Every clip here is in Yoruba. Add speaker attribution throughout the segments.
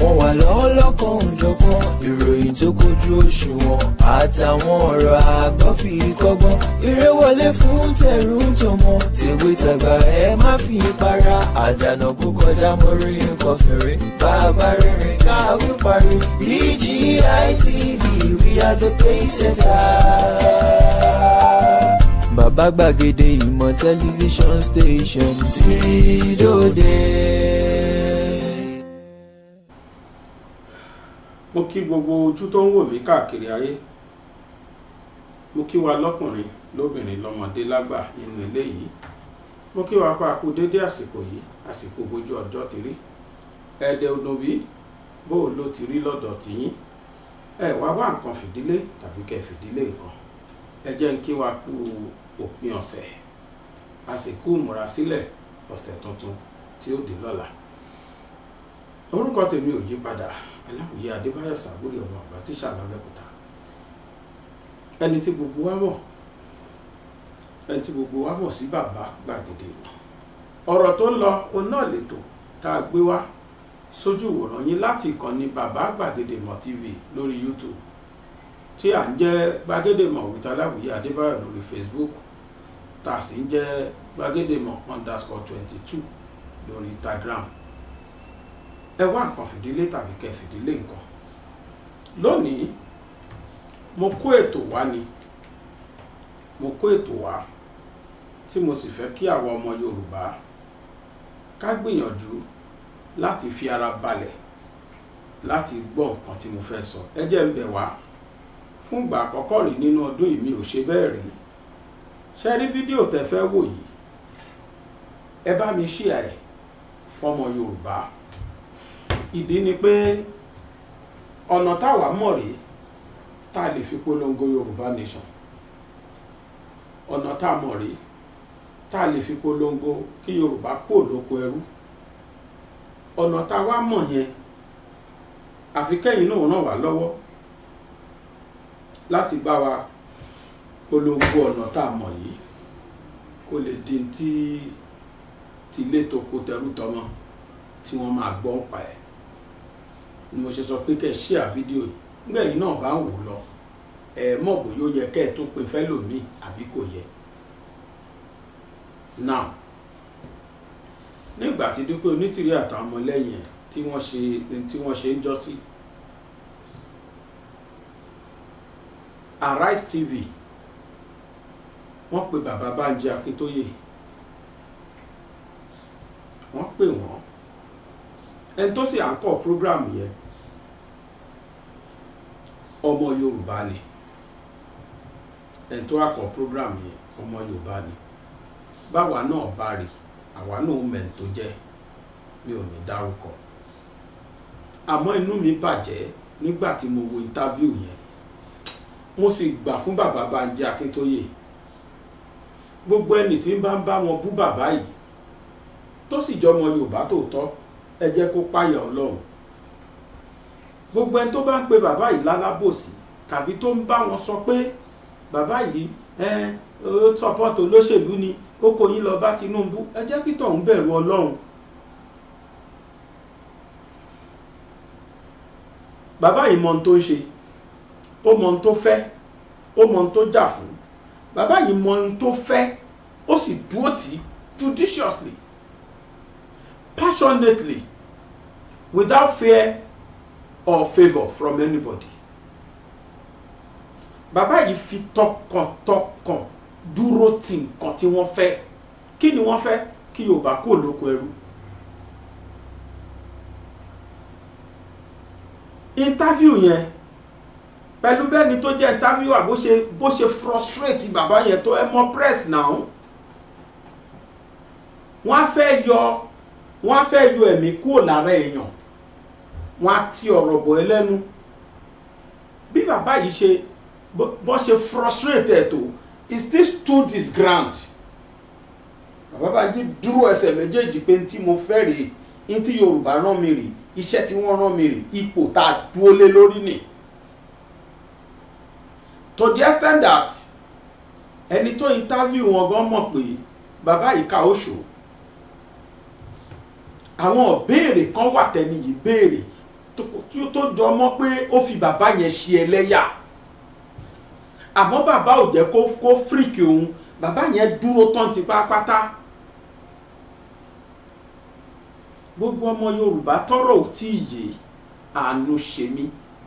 Speaker 1: wọ́n wà lọ́wọ́ lọ́kàn òjọ̀kan ìròyìn tó kojú òṣùwọ̀n àtàwọn ọ̀rọ̀ àgbọ́ fi kọ́gbọ́n eré wọlé fún tẹ̀rù tọmọ tèwe tàgbà ẹ má fi para àdànà kú kọjá mọ́rí nǹkan fèrè bàbá rìnrìn káwí parí BGI TV we are the pace setter bàbá gbàgede ìmọ̀ tẹlifíṣọ̀n station tí dòde.
Speaker 2: mo kí gbogbo ojú tó ń wò mí káàkiri ayé mo kí wa lọ́kùnrin lóbìnrin lọ́mọdé lágbà nínú ilé yìí mo kí wa pàápù dédé àsìkò yìí àsìkò bójú ọjọ́ ti rí ẹ̀ẹ́dẹ̀ odòbí bó o ló ti rí lọ́dọ̀ tìyín ẹ wá wá nǹkan fìdílé tàbí kẹ́ fìdílé nǹkan ẹ jẹ́ ń kí wa kú òpin ọ̀sẹ̀ àsìkò ìmúrasílẹ̀ ọ̀sẹ̀ tuntun tí ó dé lọ́la orúkọ tèmi ò yí padà ẹlẹ́kùnjẹ adébáyọ̀ sàgbórí ọmọ àgbà tíṣà lábẹ́kúta ẹni tí gbogbo wa mọ̀ ẹni tí gbogbo wa mọ̀ sí bàbá gbàgede ọ̀rọ̀ tó ń lọ òun náà lètò tá a gbé wá sójú ìwòran yín láti ìkànnì bàbá gbàgede mọ̀ tv lórí youtube tí à ń jẹ́ gbàgede mọ̀ with aláwìyé adébáyọ̀ lórí facebook tá a sì ń jẹ́ gbàgede mọ̀ underscore twenty two lórí instagram ẹ wá nǹkan fìdílé tàbí kẹ́ fìdílé nǹkan lónìí mo kó ètò wá ni mo kó ètò wá tí mo sì fẹ́ kí àwa ọmọ Yorùbá ká gbìyànjú láti fi ara balẹ̀ láti gbọ́ nǹkan tí mo fẹ́ sọ ẹ jẹ́ ń bẹ̀ wá fún ìgbà àkọ́kọ́ rí nínú ọdún yìí mi ò ṣe bẹ́ẹ̀ rí ṣe rí fídíò tẹ́ fẹ́ wò yìí ẹ bá mi ṣíà ẹ̀ fọmọ Yorùbá ìdí ni pé ọ̀nà táwa mọ̀ rèé tá a lè fi polongo Yorùbá Nation ọ̀nà tá a mọ̀ rèé tá a lè fi polongo kí Yorùbá kò lóko ẹrú ọ̀nà táwa mọ̀ yẹn àfi kẹ́yìn náà ràn wá lọ́wọ́ láti bá wa polongo ọ̀nà tá a mọ̀ yìí kó lè di ti tilé toko tẹrú tọmọ tí wọ́n máa gbọ́ pa ẹ̀ ni mo ṣe sọ pé kẹ́ ẹ ṣíà fídíò yìí nígbà yìí náà bá ń wò lọ ẹ mọ̀ bóyá ó yẹ kẹ́ ẹ tún pin fẹ́ lòmíì àbí kò yẹ. now nígbà tí Dúpẹ́ Onítìrí àtàwọn ọmọlẹ́yìn tí wọ́n ṣe tí wọ́n ṣe ń jọ́ Arise TV wọ́n pe bàbá Bánjí Akíntóyè wọ́n pè wọ́n ẹni tó sì à ń kọ́ program yẹn ọmọ Yorùbá ni ẹni tó akọ program yẹn ọmọ Yorùbá ni báwa náà bá rí àwa náà mẹ̀ tó jẹ́ mi ò ní dárúkọ àmọ́ inú mi bàjẹ́ nígbà tí mo wo interview yẹn mo sì gbà fún bàbá Bánjí Akíntóyè gbogbo ẹni tí ń bá ń bá wọn bú bàbá yìí tó sì jọmọ Yorùbá tòótọ́ ẹ jẹ́ kó páyà Ọlọ́run gbogbo ẹni tó bá ń pe bàbá yìí lálábòsí tàbí tó ń bá wọn sọ pé bàbá yìí ó sọpọ́tò olóṣèlú ni ó kó yín lọ bá Tinubu ẹ jẹ́ kí tọ̀hún bẹ̀rù Ọlọ́run bàbá yìí mọ ohun tó ń ṣe ó mọ ohun tó fẹ́ ó mọ ohun tó jà fún bàbá yìí mọ ohun tó fẹ́ ó sì dúró tì í judiciously passionately without fear or favour from anybody bàbá yìí fi tọkàntọkàn dúró ti nǹkan tí wọ́n fẹ́ kí ni wọ́n fẹ́ kí Yorùbá kò lóko ẹrú interview yẹn pẹ̀lú bẹ́ẹ̀ni tó jẹ́ interview bó ṣe bó ṣe frustrate bàbá yẹn tó ẹ mọ press now wọ́n á fẹ́ yọ wọ́n á fẹ́ yọ ẹ̀mí kúrò lára èèyàn wọn á ti ọ̀rọ̀ bọ̀ ẹ́ lẹ́nu bí bàbá yìí ṣe bọ́ ṣe frustrate ẹ̀ tó he still stood his ground bàbá Bàjí dúró ẹsẹ̀ méjèèjì pé ntí mo fẹ́ rèé ntí Yorùbá rán mi rèé iṣẹ́ tí wọ́n rán mi rèé ipò tá a dúró lé lórí ni to the extent that ẹni tó interview wọn gan mọ̀ pé bàbá yìí ka oṣù àwọn ìbéèrè kan wà tẹ́ni yìí béèrè tó jọ mọ́ pé ó fi bàbá yẹn ṣe ẹlẹ́yà àmọ́ bàbá ò jẹ́ kó fíríkì òun bàbá yẹn dúró tán ti pátápátá gbogbo ọmọ Yorùbá tọrọ ò tí ì yé àánú ṣe mí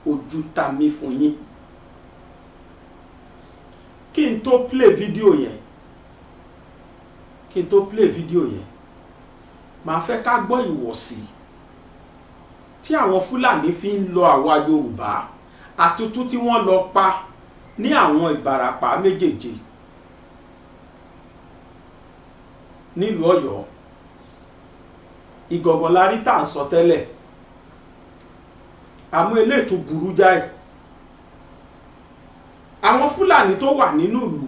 Speaker 2: ojú ta mí fún yín kí n tó play fídíò yẹn kí n tó play fídíò yẹn màá fẹ́ ká gbọ́ ìwọ̀sí tí àwọn Fúlàní fi ń lọ àwa Yorùbá àtútú tí wọ́n lọ pa ní àwọn Ìbàràpá méjèèjì nílùú Ọ̀yọ́ ìgọ̀gàn la rí tá à ń sọ tẹ́lẹ̀ àmọ́ eléètò burú jáì àwọn Fúlàní tó wà nínú ìlú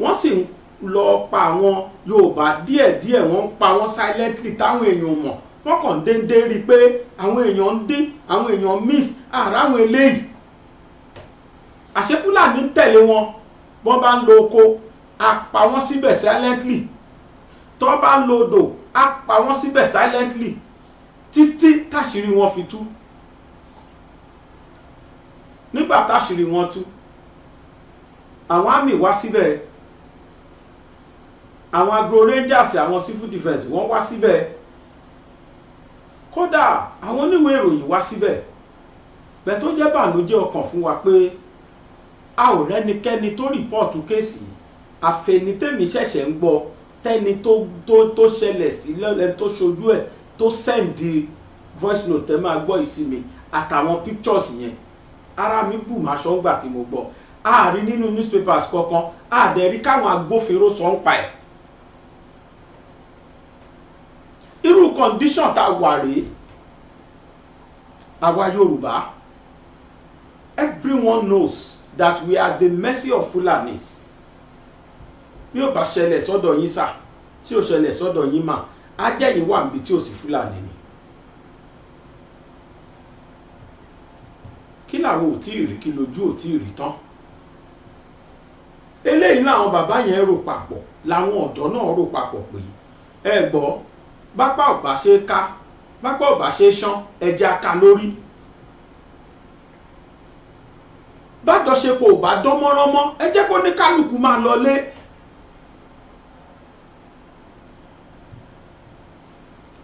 Speaker 2: wọ́n sì ń lọ pa àwọn Yorùbá díẹ̀díẹ̀ wọ́n ń pa wọ́n silently táwọn èèyàn mọ̀ wọ́n kàn déédéé rí i pé àwọn èèyàn ń dín àwọn èèyàn miss àrà àwọn eléyìí àṣé fúlàní tẹ̀lé wọn wọ́n bá ń lo oko a wọ́n síbẹ̀ silently tó bá ń lo odò a wọ́n síbẹ̀ silently títí táṣìírí wọn fi tú nígbà táṣìírí wọn tú àwọn àmì wá síbẹ̀ àwọn agro rangers àwọn civil defence wọ́n wá síbẹ̀ kódà àwọn oníwèé ìròyìn wá síbẹ̀ bẹ́ẹ̀ tó jẹ́ bànújẹ́ ọkàn fún wa pé a ò rẹ́nikẹ́ni tó rìpọ́ọ̀tù kéèsì àfẹnitẹ́mi ṣẹ̀ṣẹ̀ ń gbọ́ tẹ́ni tó ṣẹlẹ̀ sí lẹ́ni tó ṣojú ẹ̀ tó sẹ́ǹdì voice note ẹ̀ máa gbọ́ ìsinmi àtàwọn pictures yẹn ara mi bù máa ṣọ́ ń gbà tí mo gbọ́ ààrí nínú newspapers kankan àdẹ̀rí káwọn agbófinró sọ ń pa ẹ̀ irú condition tá a wà rèé àwa Yorùbá everyone knows that we are the mercy of Fulanis bí ó bá ṣẹlẹ̀ sọ́dọ̀ yín sà tí ó ṣẹlẹ̀ sọ́dọ̀ yín mà á jẹ́ yín wà níbi tí ò sí Fúlàní ni kí làwọn ò tí ì rí kí lójú ò tí ì rí tán eléyìí làwọn bàbá yẹn rò papọ̀ làwọn ọ̀dọ́ náà rò papọ̀ pé ẹ gbọ́ bápá ọ̀bà ṣe ká bápá ọ̀bà ṣe ṣán ẹ̀jẹ̀ aka lórí. bájọṣepọ̀ ò bá dán mọ́rán mọ́ ẹ jẹ́ kó ní kálukú máa lọlé.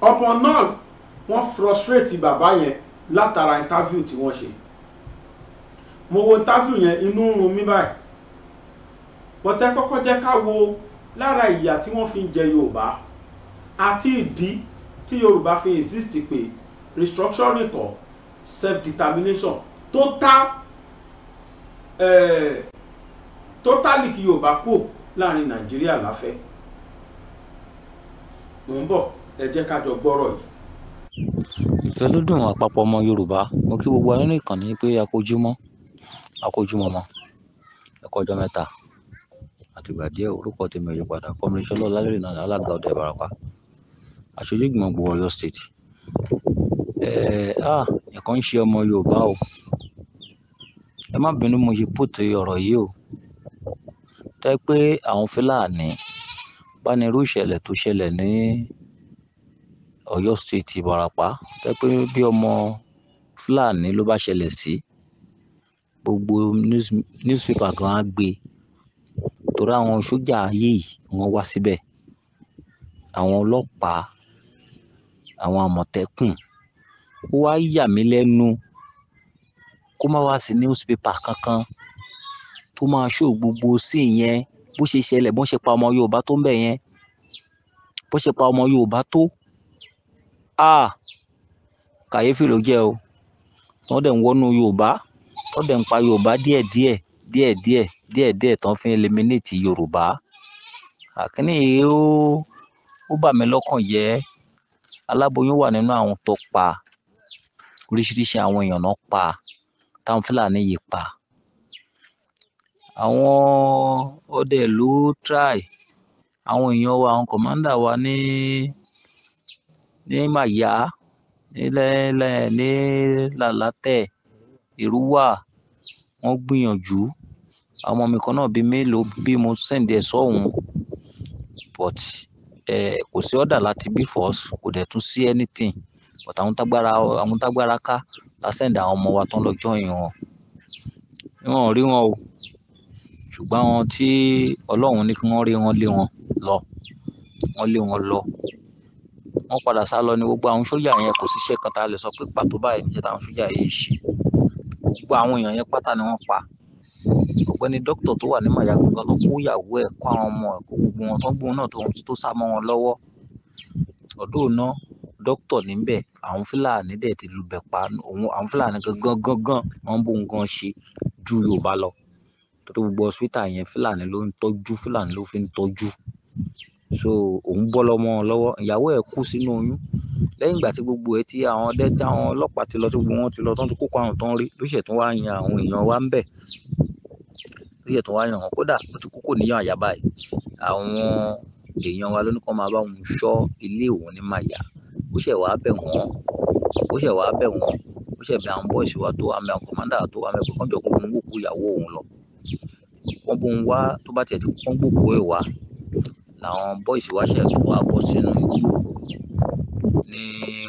Speaker 2: upon all wọ́n frustrate bàbá yẹn látara interview tí wọ́n ṣe mo wo interview yẹn inú ń run mí báyìí bọ́tẹ́ kọ́kọ́ jẹ́ ká wo lára ìyà tí wọ́n fi ń jẹ Yorùbá àti ìdí tí Yorùbá fi exist pé restructuring kọ́ self-determination total eh, totally kí Yorùbá kú láàrin Nàìjíríà láfẹ́ mò ń bọ̀ ẹ jẹ́ ká jọ gbọ́rọ̀ yìí.
Speaker 3: ìfẹ́ ló dùn àpapọ̀ ọmọ Yorùbá mo kí gbogbo nínú ìkànnì pé akójúmọ́ akójúmọ́ mọ́ ẹ̀kọ́ ọjọ́ mẹ́ta àtìgbà díẹ̀ orúkọ tèmi ò yí padà kọ́mínísọ́lọ́ lálẹ́ ìnáwó alága ọ̀dọ̀ Ìbàràpá aṣojú ìgbìmọ̀ gbogbo Ọ̀yọ́ state eh, ah ẹ̀kọ́ ń ṣe ọmọ Yorùbá o ẹ má bínú mo ṣe pòtò ọ̀rọ̀ yìí o tẹ́ pé àwọn Fúlàní bá ní irú ìṣẹ̀lẹ̀ tó ṣẹlẹ̀ ní Ọ̀yọ́ state Ìbàràpá tẹ́ pé bí ọmọ Fúlàní ló bá ṣẹlẹ̀ sí gbogbo newspaper gan á gbé torí àwọn sójà ayé yìí wọ́n wá síbẹ̀ àwọn ọlọ́pàá àwọn àmọ̀tẹ́kùn ó wá yà mí lẹ́nu kó má wá sí newspaper kankan tó máa ṣó gbogbo sí ìyẹn bó ṣe ṣẹlẹ̀ bó ṣe pa ọmọ Yorùbá tó ń bẹ̀ yẹn bó ṣe pa ọmọ Yorùbá tó a kàyéfì ló jẹ́ o wọ́n dẹ̀ ń wọ́nú Yorùbá wọ́n dẹ̀ ń pa Yorùbá díẹ̀díẹ̀ díẹ̀díẹ̀ díẹ̀díẹ̀ tán fi eliminate Yorùbá àkíní yìí ó ó bà mí lọ́kàn jẹ́ aláboyún wà nínú àwọn tó pa oríṣiríṣi àwọn èèyàn náà pa táwọn fúlàní yìí pa àwọn ọdẹ ìlú try àwọn èèyàn wa àwọn kọ̀mándà wa ní ní màyà nílẹ̀ ní làlátẹ̀ ìrúwà wọ́n gbìyànjú àwọn ọmọ mi kan náà bíi mélòó bí mo sẹ́ǹdẹ̀ sọ́hùn but kò sí ọ̀dà láti bí force kò dẹ̀ tún sí anything but àwọn tágbára àwọn tágbára ká la send àwọn ọmọ wa tán lọ join wọn wọn ò rí wọn o ṣùgbọ́n àwọn tí ọlọ́run ní kí wọ́n rí wọn lé wọn lọ wọ́n lé wọn lọ wọ́n padà sá lọ ní gbogbo àwọn sójà yẹn kò síṣẹ́ kan tá a lè sọ pé pàtó báyìí níṣẹ́ táwọn sójà yìí ṣe gbogbo àwọn èèyàn yẹn pátá ni wọ́n pa ọ̀gbẹ́ni dókítà tó wà ní màyàgò gan ló kó ìyàwó ẹ̀ kó àwọn ọmọ ẹ̀ kó gbogbo wọn tó ń gbóhùn náà tó sá mọ́ wọn lọ́wọ́ ọ̀dọ́ náà dókítà níbẹ̀ àwọn fúlàní dẹ̀ ti lùbẹ̀ pa àwọn fúlàní gangan gangan wọ́n ń gan nǹkan ṣe ju yorùbá lọ torí gbogbo hospital yẹn fúlàní ló ń tọ́jú fúlàní ló fi ń tọ́jú so òun bọ́ lọ́mọ lọ́wọ́ ìyàwó ẹ̀ kú sínú oyún lẹ́yìn ìgbà tí gbogbo ẹ̀ tí àwọn ọdẹ tí àwọn ọlọ́pàá ti lọ tí gbogbo wọn ti lọ tó ń ti kókó àrùn tó ń rí ló ṣẹ̀ tún wá yan àwọn èèyàn wa ń bẹ̀ lóye tó wá ràn wọ́n kódà ó ti kókò níyàn àyà báyìí àwọn èèyàn wa lónìí kan máa bá òun ṣọ́ ilé òun ní màyà ó ṣẹ̀ wá bẹ̀ wọ́n ó ṣẹ̀ wá bẹ̀ wọ́n ó ṣẹ̀ bẹ̀ àwọn bọ́ọ̀sì wa tó àmì àwọn kọ̀mọ́dà tó àmì ẹ̀kọ́ kan jọ kó òun wòkú ìyàwó òun lọ wọ́n bóun wá tó bá tiẹ̀ ti kún gbòkó ẹ̀ wá làwọn bọ́ọ̀sì wa ṣẹ̀ tó wá bọ́ sínú igbó ní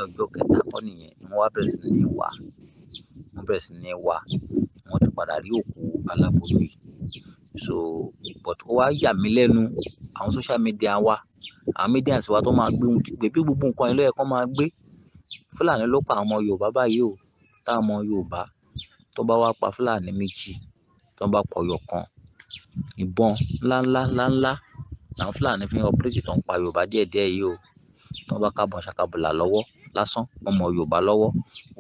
Speaker 3: ọjọ́ kẹta kọ́ nìyẹn ni wọ́n bẹ̀rẹ̀ sí ní wá wọ́n bẹ̀rẹ̀ sí ní wá wọ́n ti padà rí òkú aláboyún yìí so but ó wá yà mí lẹ́nu àwọn social media wa àwọn media sì wa tó máa gbé gbé bí gbogbo nǹkan yẹn lọ́yẹ̀ kó máa gbé fúlàní ló pa àwọn yorùbá báyìí o táwọn ọmọ yorùbá tó bá wá pa fúlàní méjì tó bá pa ọyọ kan ìbọn ńláńlá ńláńlá làwọn fúlàní fi ń ọpẹrẹtì tó ń pa yorùbá díẹ̀díẹ̀ yìí o tó bá kábọn ṣàkàbọlà lọ́wọ́ lásán ọmọ yorùbá lọ́wọ́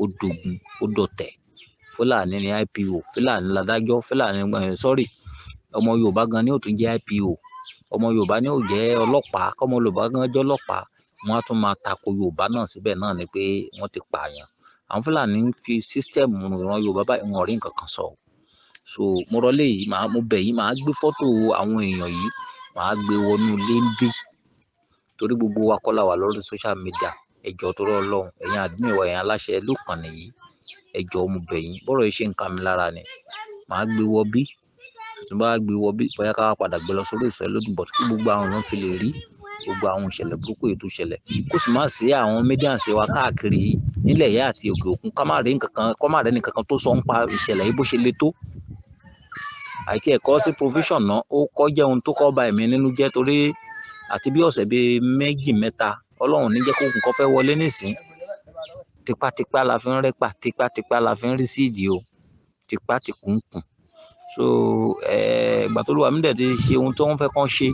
Speaker 3: ó dogun ó dọ̀tẹ̀ fúlàní ni ipo fúlàní ládájọ́ fúlàní eh, sọ́rí ọmọ yorùbá gan ni ó tún jẹ́ ipo ọmọ yorùbá ni ó jẹ́ ọlọ́pàá kọ́mọ yorùbá gan jẹ́ ọlọ́pàá wọ́n á tún máa tako yorùbá náà síbẹ̀ náà ni pé wọ́n ti pààyàn àwọn fúlàní ń fi sísítẹ́ẹ̀mù ìran yorùbá báyìí wọn ò rí nǹkan kan sọ so mo rọlé yìí màá mo bẹ̀ yìí màá gbé fọ́tò àwọn èèyàn yìí màá gbé wọnú ilé ń bí torí gbogbo wa kọ́ la lórí social media ẹ̀jọ̀ tó rọ̀ lọ́hùn ẹ̀yin àdúgbò ẹ̀yin aláṣẹ ló kàn nìyí ẹjọ́ mo bẹ̀ yín bọ́rọ̀ yìí ṣe ń ká mi lára ni màá gbé wọ bí tuntun bá gbé wọ bí bóyá ká padà gbé lọ sórí ìfẹ́ lódùn bọ̀t kí gbogbo àwọn èèyàn fi lè rí gbogbo àwọn ìṣẹ̀lẹ̀ burúkú ètò ìṣẹ̀lẹ̀ kó sì má sí àwọn mídíàǹsì wa káàkiri nílẹ̀ yá àti òkè òkun ká má rí nǹkankan kó má rí nǹkankan tó sọ ń pa ìṣẹ̀lẹ̀ yìí bó ṣe le tó àìtí ẹ̀kọ́ sí provision náà ó kọ́ jẹ́ ohun tó kọ́ ba ẹ̀mí nínú jẹ́ torí àti bí ọ̀sẹ̀ bíi méjì mẹ́ta ọlọ́run ní jẹ́ kókùn kọ́ wọlé nísìnyí tipátipá la fi ń rẹ́pà tipátipá la fi ń rí síìdì o tipátìkùnkùn so ìgbà tó lùwà mí dẹ̀ ti ṣe ohun tó ń fẹ́ kán ṣe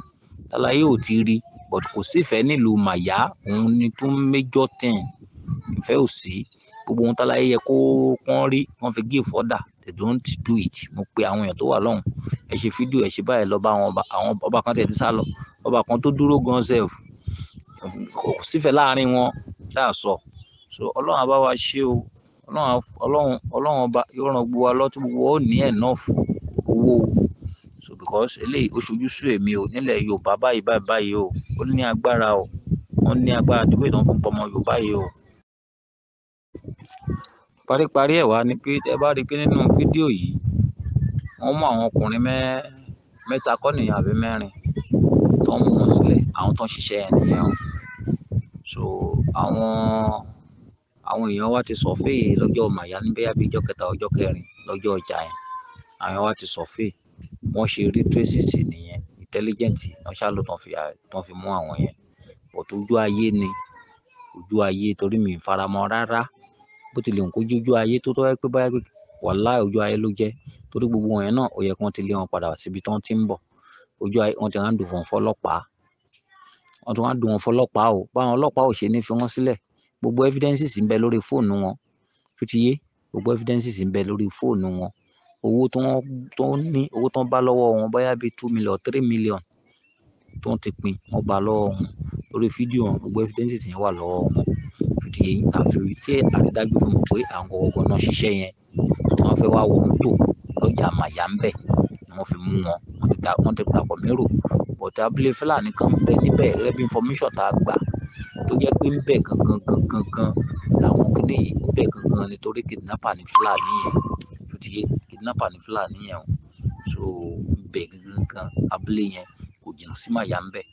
Speaker 3: aláyé ò ti rí but kò sífẹ̀ẹ́ nílùú màyá òun ni tó ń méjọ́ tẹ̀ ìfẹ́ ò sí gbogbo ohun táláyé yẹ kó pọ́n rí wọ́n fi give order they don't do it mo pe àwọn èèyàn tó wà lọ́hùn ẹ ṣe fídíò ẹ ṣe báyìí lọ bá àwọn ọba kan tẹ̀lé sá lọ ọba kan tó dúró gan sef kò sífẹ̀ẹ́ láàrin wọn dáa sọ. So so ọlọ́run àbá wa ṣe o ọlọ́run ọlọ́run ọba yóò ràn gbogbo wa lọ́tún gbogbo ó ní enough owó so because eléyìí ó ṣojú sú èmi o nílẹ̀ yorùbá báyìí báyìí báyìí o ó ní agbára o wọ́n ní agbára tó gbèdán fún ọmọ yorùbá yìí o paríparí ẹ̀ wá ni pé ẹ bá rí i pé nínú fídíò yìí wọ́n mú àwọn ọkùnrin mẹ́ta kọ́ nìyẹn àbí mẹ́rin tó ń mú wọn sílẹ̀ àwọn tó ń ṣiṣẹ́ yẹn nìyẹn o so àwọn àwọn èèyàn wa ti sọ̀fèè lọ́jọ́ màyà níbẹ̀ yá bí ọjọ́ kẹta ọjọ́ kẹrin lọ́jọ́ ọjà yẹn àwọn wa ti sọ̀fèè wọ́n ṣe rí traces nìyẹn intelligent wọ́n ṣàlò tán fi mú àwọn yẹn bọ̀tú ojú ayé ni ojú ayé torí mi faramọ́ rárá bó tilẹ̀ ń kójú ojú ayé tó tọ́ pé báyà pé wàhálà ojú ayé ló jẹ́ torí gbogbo wọn yẹn náà ó yẹ kí wọ́n ti lé wọn padà síbi tán ti ń bọ̀ ojú ayé wọ́n ti hàn dùn fún ọlọ́pàá wọ́n ti hàn dùn wọn fọlọ́pàá o báwọn ọlọ́pàá ò ṣe ní fi wọ́n sílẹ̀ gbogbo evidences ń bẹ lórí fóònù wọn tó ti yé gbogbo evidences ń bẹ lórí fóònù wọn owó tó wọ́n tó ní owó tó ń bá lọ́wọ́ wọn bóyá bíi two million three million tó ń ti pín wọ́n bá lọ́wọ́ wọn lórí fídíò wọn gbogbo evidences yẹn wà lọ́wọ́ wọn tó ti yé àfihàn tí àrídájú fún mi pé àwọn gọgọgọ náà ṣiṣẹ́ yẹn wọ́n fẹ́ wá wọ mọ́tò lọ́jà màyà ń bẹ̀ ni wọ́n fi mú wọn wọ́n ti dàpọ̀ mérò bọ̀dà abúlé fúlàní kan bẹ níbẹ̀ rẹ́bí information tá a gbà tó jẹ́ pé ńbẹ̀ gangan gangan gan làwọn kìíní yìí ńbẹ̀ gangan nítorí kidnapper ní fúlàní yẹn tó ti yé kidnapper ní fúlàní yẹn o so ńbẹ̀ gangan gan abúlé yẹn kò jìnnà sí màyà ńbẹ̀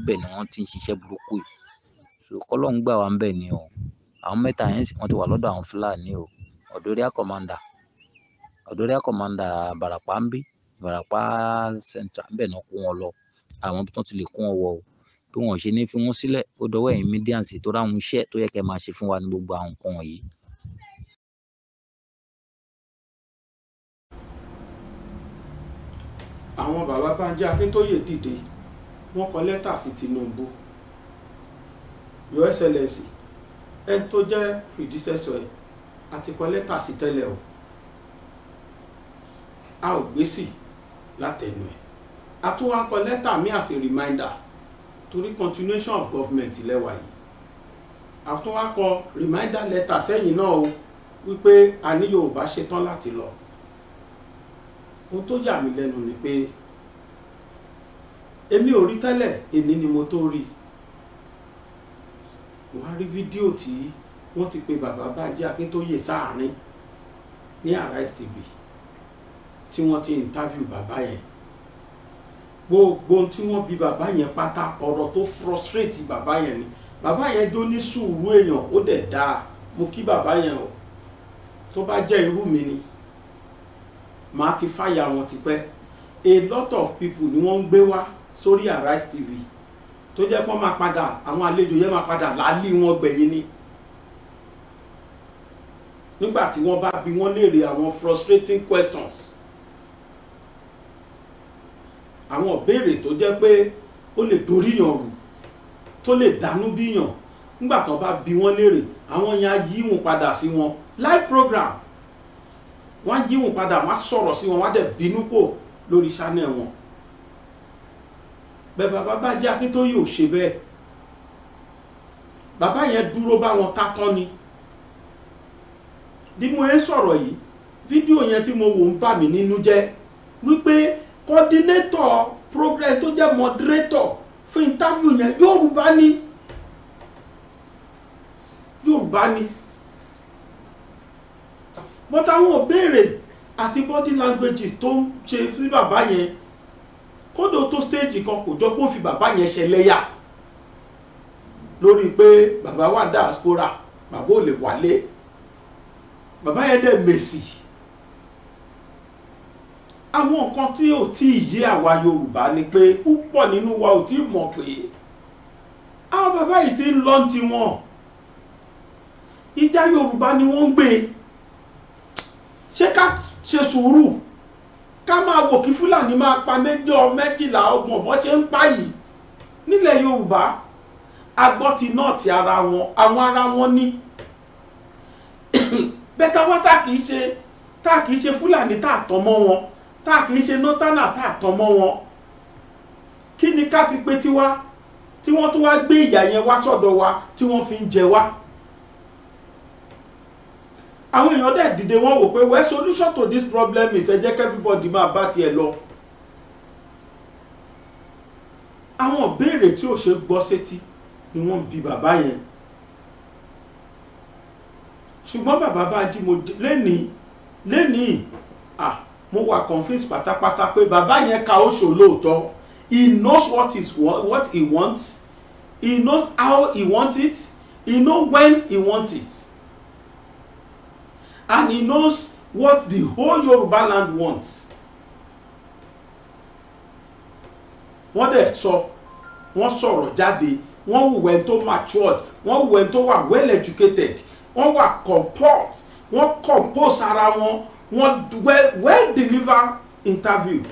Speaker 3: ńbẹ̀ ni wọ́n ti ń ṣiṣẹ́ burúkú yìí so kọ́lọ́n gbà wá ńbẹ̀ ni o àwọn mẹ́ta yẹn sì wọ́n ti wà lọ́dọ̀ àwọn fúlàní o ọ̀dọ́ríà kọ̀mándà ọ̀dọ́ríà kọ̀mándà barapa ń bí central ńbẹ̀ náà kó wọn lọ àwọn tó ti lè o bí wọn ò ṣe ní fi wọn sílẹ̀ ó dọwọ́ ẹ̀yin mídíàǹsì tó ráhùn iṣẹ́ tó yẹ kẹ́ máa ṣe fún wa ní gbogbo àwọn nǹkan wọ̀nyí.
Speaker 2: àwọn bàbá Bánjí Akíntóyè dìde wọ́n kọ lẹ́tà sí Tinubu Your Excellency ẹni tó jẹ́ predecessor ẹ̀ àti kọ lẹ́tà sí tẹ́lẹ̀ o a ò gbé sí látẹnu ẹ̀ a kọ lẹ́tà mi as a reminder torí continuation of government lẹ́wà yìí àtúnwákọ reminder letter sẹ́yìn náà o wípé a ní Yorùbá ṣetán láti lọ ohun tó yà mí lẹ́nu ni pé èmi ò rí tẹ́lẹ̀ èní ni mo tó rí wọ́n á rí fídíò tí wọ́n ti pe bàbá Bánjí Akíntóyè sáàrin ní Arise TV tí wọ́n ti interview bàbá yẹn gbogbo tí wọ́n bi bàbá yẹn pátá ọ̀rọ̀ tó frustrate bàbá yẹn ni bàbá yẹn jó ní sùúrù èèyàn ó dẹ̀ dáa mo kí bàbá yẹn o tó bá jẹ́ irú mi ni màá ti fàyà wọn tipẹ́ a lot of people ni wọ́n ń gbé wá sórí Arise TV tó jẹ́ kó máa padà àwọn àlejò yẹn máa padà láálí wọn gbẹ̀yìn ni nígbà tí wọ́n bá bi wọ́n léèrè àwọn frustrating questions àwọn ìbéèrè tó jẹ́ pé ó lè doríyàn rù tó lè dànù bíyàn nígbà tó bá bi wọ́n léèrè àwọn yẹn á yíwùn padà sí wọn live program wọ́n á yíwùn padà wọ́n á sọ̀rọ̀ sí wọn wọ́n á dẹ̀ bínú pò lórí channel wọn bẹ́ẹ̀ bàbá bá jẹ́ akíntóyè ò ṣe bẹ́ẹ̀ bàbá yẹn dúró bá wọn ta ni bí mo ń sọ̀rọ̀ yìí fídíò yẹn tí mo wò ń bà mí nínú jẹ́ wípé coordinator program tó jẹ́ moderator fún interview yẹn yorùbá ni yorùbá ni but àwọn òbéèrè àti body languages tó ń ṣe sí bàbá yẹn kódò tó stage kan kò jọ pé ó fi bàbá yẹn ṣẹlẹ́yà lórí pé bàbá wà diaspora bàbá ò lè wálé bàbá yẹn dẹ̀ mèsì àwọn nǹkan tí ò tí ì yé àwa yorùbá ni pé púpọ̀ nínú wa ò tí ì mọ̀ pé àwọn bàbá yìí ti ń lọ tiwọn ìjà yorùbá ni wọ́n ń gbé ṣé ká ṣe sùúrù ká máa wò kí fúlàní máa pa méjọ méjìlá ọgbọ̀n bọ́ ṣe ń pa yìí nílẹ̀ yorùbá agbọ́tí náà ti ara wọn àwọn ara wọn ní bẹ́tàwátà kìí ṣe tá kìí ṣe fúlàní tá àtọmọ́ wọn tá a kì í ṣe nọ́tánà tá a tán mọ́ wọn kí ni ká ti pé tiwa tí wọ́n tún wá gbé ìyà yẹn wá sọ́dọ̀ wa tí wọ́n fi ń jẹ wá àwọn èèyàn dẹ̀ dìde wọ́n wò pé well solution to this problem is ẹ jẹ́ kẹ́fíbọ̀dì máa bá tiẹ̀ lọ àwọn ìbéèrè tí ò ṣe gbọ́ sétí ni wọ́n ń bi bàbá yẹn ṣùgbọ́n bàbá bá jí mo lẹ́nìí lẹ́nìí ah mo wà confused pátápátá pé bàbá yẹn ka oṣù lóòótọ́ he knows what, is, what he wants he knows how he wants it he knows when he wants it and he knows what the whole Yoruba land wants. wọ́n dẹ̀ sọ wọ́n sọ̀rọ̀ jáde wọ́n wùwẹ́ tó matured wọ́n wùwẹ́ tó wà well educated wọ́n wà comport wọ́n compose ara wọn wọ́n well well deliver interview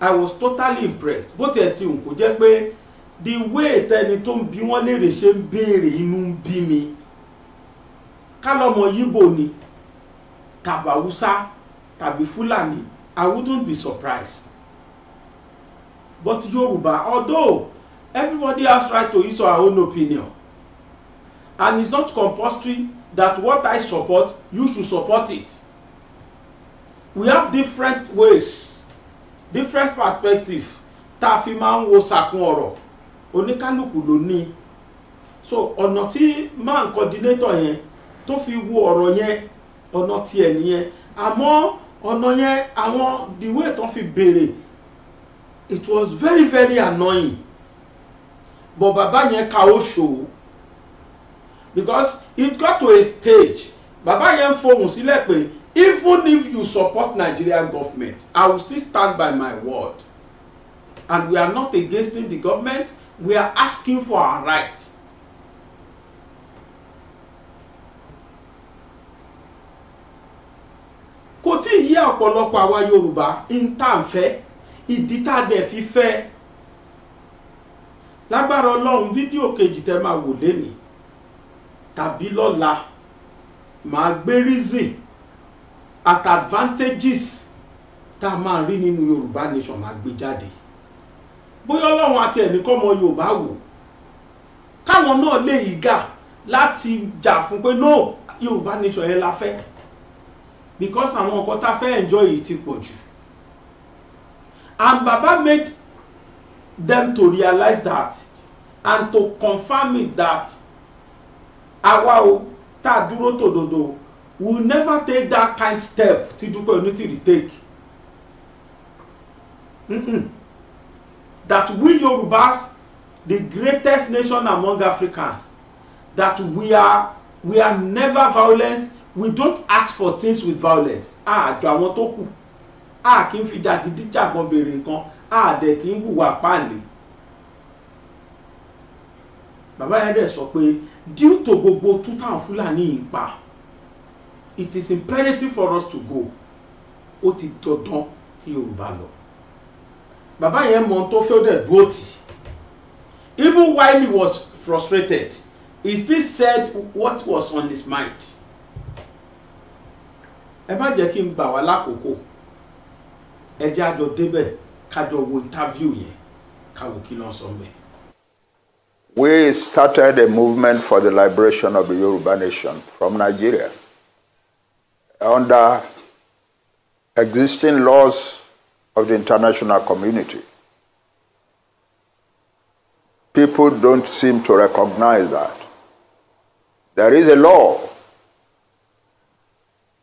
Speaker 2: i was totally impressed bó tiẹ̀ ti hùn kó jẹ́ pé the way tẹni tó ń bi wọ́n léèrè ṣe ń béèrè inú ń bí mi kálọ́mọ yíbò ni tàbáwúsá tàbí fúlàní i wouldn't be surprised but yorùbá although everybody has right to use our own opinion and it's not compulsory that what i support you should support it we have different ways different perspectives. tá a fi máa ń wo sàkún ọ̀rọ̀ oníkálukú ló ní so ọ̀nà tí man coordinator yẹn tó fi wo ọ̀rọ̀ yẹn ọ̀nà tiẹ̀ nìyẹn àmọ́ ọ̀nà yẹn àwọn the way tó fi béèrè it was very very annoying but bàbá yẹn ka ó ṣòwò because it got to a stage bàbá yẹn ń fohùn sílẹ̀ pé even if you support Nigerian government I will still stand by my word and we are not against the government we are asking for our right kò tí ì yé ọ̀pọ̀lọpọ̀ àwa Yorùbá ń tà ń ìdí tá a dẹ̀ fi fẹ́ lágbára Ọlọ́run fídíò kejì tẹ́ máa wò lénìí tàbí lọ́la màá gbé reason at advantages tá a máa rí nínú yorùbá nation máa gbé jáde bóyá ọlọ́run àti ẹ̀mí kọ́ ọmọ yorùbá wò káwọn náà lè yí gà láti jà fún pé no yorùbá nation yẹn la fẹ́ because àwọn ọkọ tá a fẹ́ enjoy yìí ti pọ̀ jù and baba made them to realize that and to confirm it that àwa o tá a dúró tòdodo o will never take that kind step tí Dúpẹ́ Onítìrí take Mm-mm. that we Yorubas the greatest nation among Africans that we are we are never violent we don't ask for things with violence Ah, àwọn tó ah a kì í fi jàgídíjàgan béèrè nǹkan a dẹ̀ kì í hùwà páàlì bàbá yẹn due to gbogbo tutan Fúlàní yìí pa it is imperative for us to go ó ti dandan kí yorùbá lọ bàbá yẹn mọ tó fẹ́ dẹ̀ dúró tì even while he was frustrated he still said what was on his mind ẹ má jẹ́ kí n bà wá lákòókò ẹ jẹ́ àjọ débẹ̀ kájọ wo interview yẹn káwọ kí ló sọ mbẹ.
Speaker 4: We started a movement for the liberation of the Yoruba nation from Nigeria. under existing laws of the international community. People don't seem to recognize that. There is a law,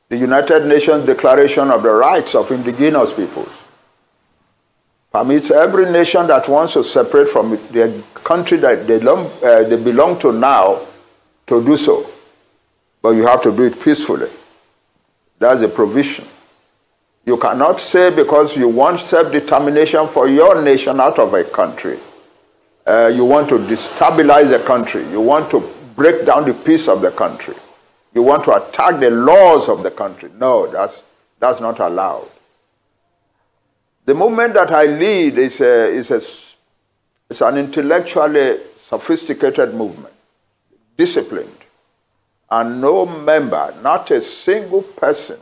Speaker 4: the United Nations Declaration of the Rights of Indigenous Peoples permits every nation that wants to separate from the country that they, uh, they belong to now to do so. But you have to do it peacefully. That's a provision. You cannot say because you want self determination for your nation out of a country, uh, you want to destabilize the country, you want to break down the peace of the country, you want to attack the laws of the country. No, that's, that's not allowed. The movement that I lead is, a, is, a, is an intellectually sophisticated movement, disciplined. and no member, not a single person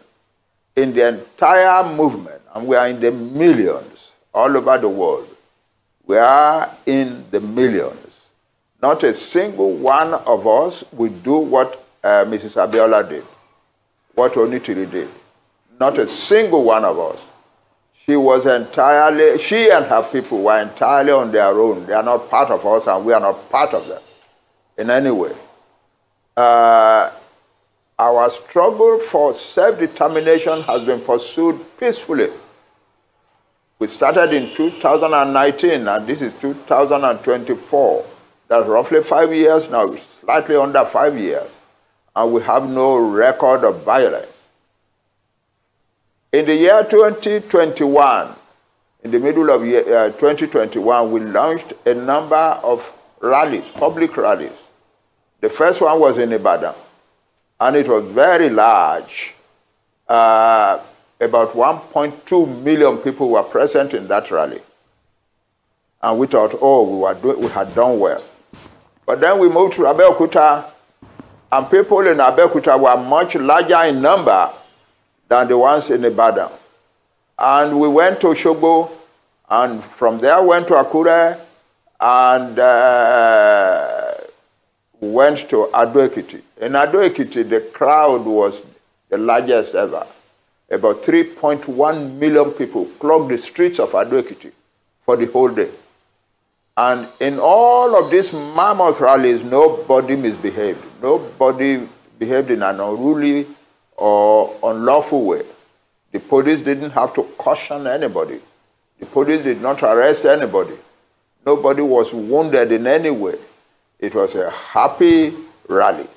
Speaker 4: in the entire movement, and we are in the millions all over the world. We are in the millions. Not a single one of us will do what uh, Mrs. Abiola did, what Onitiri did. Not a single one of us. She was entirely, she and her people were entirely on their own. They are not part of us and we are not part of them in any way. uh, our struggle for self determination has been pursued peacefully. We started in 2019, and this is 2024. That's roughly five years now, slightly under five years, and we have no record of violence. In the year 2021, in the middle of year, uh, 2021, we launched a number of rallies, public rallies, the first one was in Ibadan, and it was very large. Uh, about 1.2 million people were present in that rally. And we thought, oh, we, were do- we had done well. But then we moved to Abeokuta, and people in Abeokuta were much larger in number than the ones in Ibadan. And we went to Shogo, and from there went to Akure, and uh, went to Ado Ekiti. In Ado Ekiti, the crowd was the largest ever. About 3.1 million people clogged the streets of Ado Ekiti for the whole day. And in all of these mammoth rallies, nobody misbehaved. Nobody behaved in an unruly or unlawful way. The police didn't have to caution anybody. The police did not arrest anybody. Nobody was wounded in any way. It was a happy rally.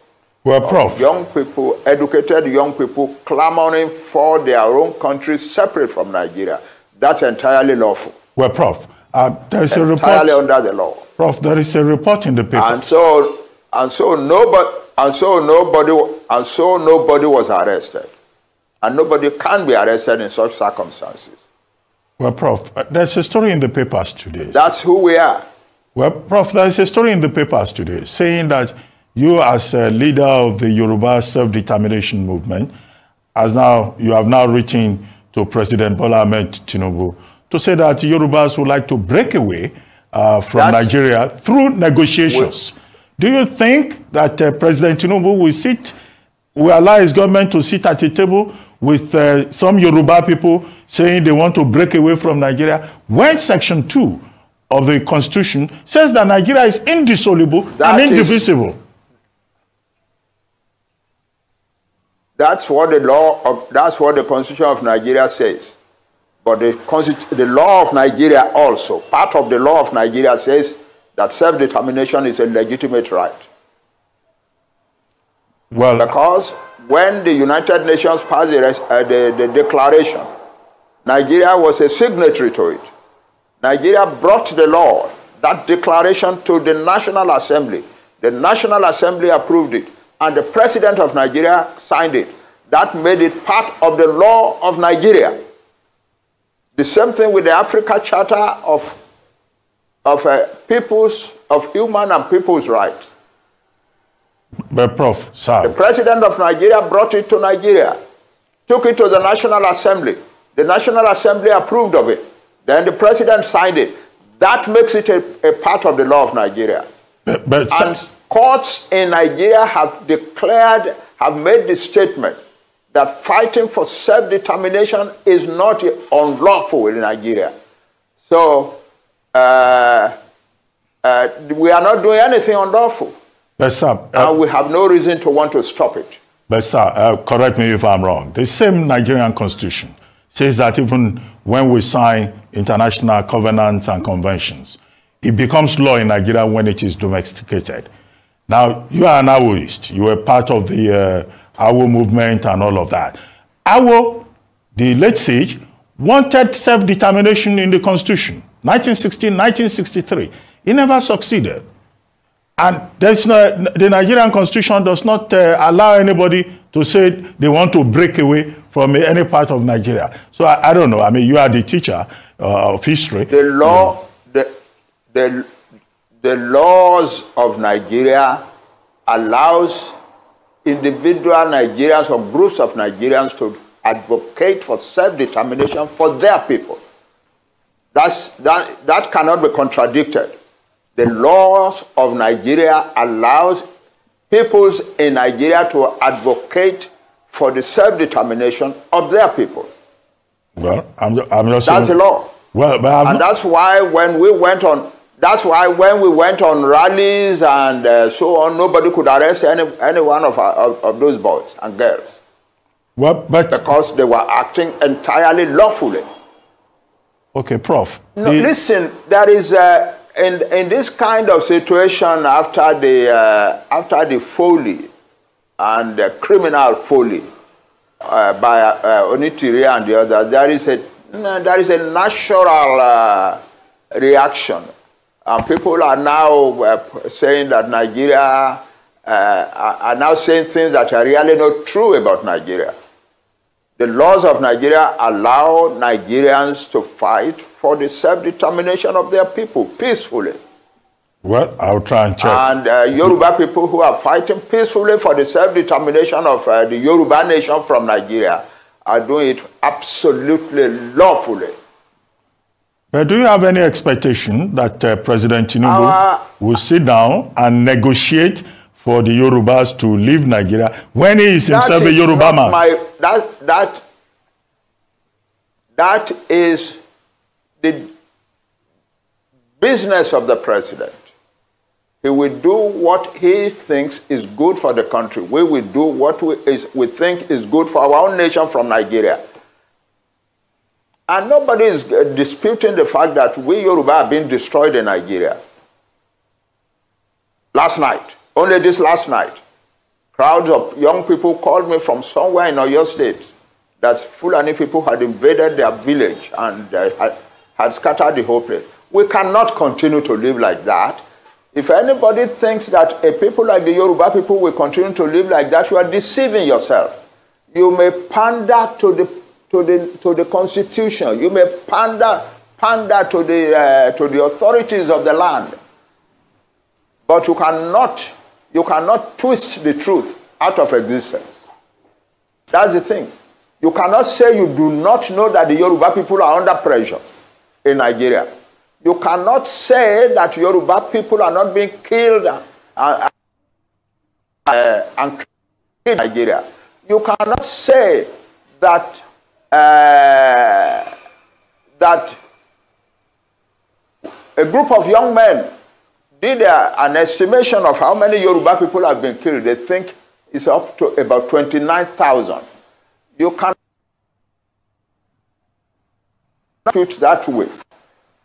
Speaker 4: Well, Prof. Young people, educated young people clamoring for their own country separate from Nigeria. That's entirely lawful.
Speaker 5: Well, Prof. Uh, there is entirely a report. Entirely under the law. Prof, there is a report in the paper.
Speaker 4: And so, and so nobody, and so nobody, and so nobody was arrested. And nobody can be arrested in such circumstances.
Speaker 5: Well, Prof, uh, there's a story in the papers today.
Speaker 4: That's who we are.
Speaker 5: Well, Prof, there's a story in the papers today saying that you, as a leader of the Yoruba self-determination movement, as now you have now written to President Bola Ahmed Tinubu to say that Yorubas would like to break away uh, from That's, Nigeria through negotiations. Do you think that uh, President Tinubu will sit, will allow his government to sit at a table with uh, some Yoruba people saying they want to break away from Nigeria when Section 2 of the Constitution says that Nigeria is indissoluble that and indivisible. Is,
Speaker 4: that's what the law of that's what the Constitution of Nigeria says. But the, the law of Nigeria also, part of the law of Nigeria says that self-determination is a legitimate right. Well, because when the United Nations passed the, uh, the, the declaration, Nigeria was a signatory to it. Nigeria brought the law, that declaration to the National Assembly. The National Assembly approved it, and the President of Nigeria signed it. That made it part of the law of Nigeria. The same thing with the Africa Charter of, of uh, peoples, of human and people's rights.
Speaker 5: But Prof, sir.
Speaker 4: The President of Nigeria brought it to Nigeria, took it to the National Assembly. The National Assembly approved of it. Then the president signed it. That makes it a, a part of the law of Nigeria. But, but and courts in Nigeria have declared, have made the statement that fighting for self-determination is not unlawful in Nigeria. So uh, uh, we are not doing anything unlawful. But sir, uh, and we have no reason to want to stop it.
Speaker 5: But sir, uh, correct me if I'm wrong. The same Nigerian constitution says that even when we sign international covenants and conventions, it becomes law in Nigeria when it is domesticated. Now, you are an Awoist. You were part of the uh, Awo movement and all of that. Awo, the late sage, wanted self-determination in the constitution, 1916, 1963. He never succeeded. And not, the Nigerian constitution does not uh, allow anybody to say they want to break away from any part of Nigeria. So I, I don't know. I mean, you are the teacher uh, of history. The law,
Speaker 4: the, the, the laws of Nigeria allows individual Nigerians or groups of Nigerians to advocate for self-determination for their people. That's, that, that cannot be contradicted. The laws of Nigeria allows peoples in Nigeria to advocate for the self-determination of their people. Well, I'm,
Speaker 5: I'm not That's the law. Well, but I'm and
Speaker 4: that's why when we went on, that's why when we went on rallies and uh, so on, nobody could arrest any, any one of, our, uh, of, of those boys and girls. Well, but because they were acting entirely lawfully.
Speaker 5: Okay, Prof.
Speaker 4: No, listen, there is a, in, in this kind of situation, after the, uh, after the folly and the criminal folly uh, by uh, Onitiri and the others, there is a, there is a natural uh, reaction. And people are now uh, saying that Nigeria, uh, are now saying things that are really not true about Nigeria. The laws of Nigeria allow Nigerians to fight for the self-determination of their people peacefully.
Speaker 5: Well, I'll try and check.
Speaker 4: And uh, Yoruba people who are fighting peacefully for the self-determination of uh, the Yoruba nation from Nigeria are doing it absolutely lawfully.
Speaker 5: But do you have any expectation that uh, President Tinubu uh, will sit down and negotiate for the Yorubas to leave Nigeria
Speaker 4: when he is himself a Yoruba man. My, that, that, that is the business of the president. He will do what he thinks is good for the country. We will do what we, is, we think is good for our own nation from Nigeria. And nobody is uh, disputing the fact that we Yoruba are being destroyed in Nigeria. Last night, only this last night, crowds of young people called me from somewhere in Oyo State that Fulani people had invaded their village and uh, had, had scattered the whole place. We cannot continue to live like that. If anybody thinks that a people like the Yoruba people will continue to live like that, you are deceiving yourself. You may pander to the to the to the constitution. You may pander pander to the uh, to the authorities of the land, but you cannot You cannot twist the truth out of existence. That's the thing. You cannot say you do not know that the Yoruba people are under pressure in Nigeria. You cannot say that Yoruba people are not being killed and, uh, and killed in Nigeria. You cannot say that uh, that a group of young men did uh, an estimation of how many Yoruba people have been killed. They think it's up to about 29,000. You can't put that way.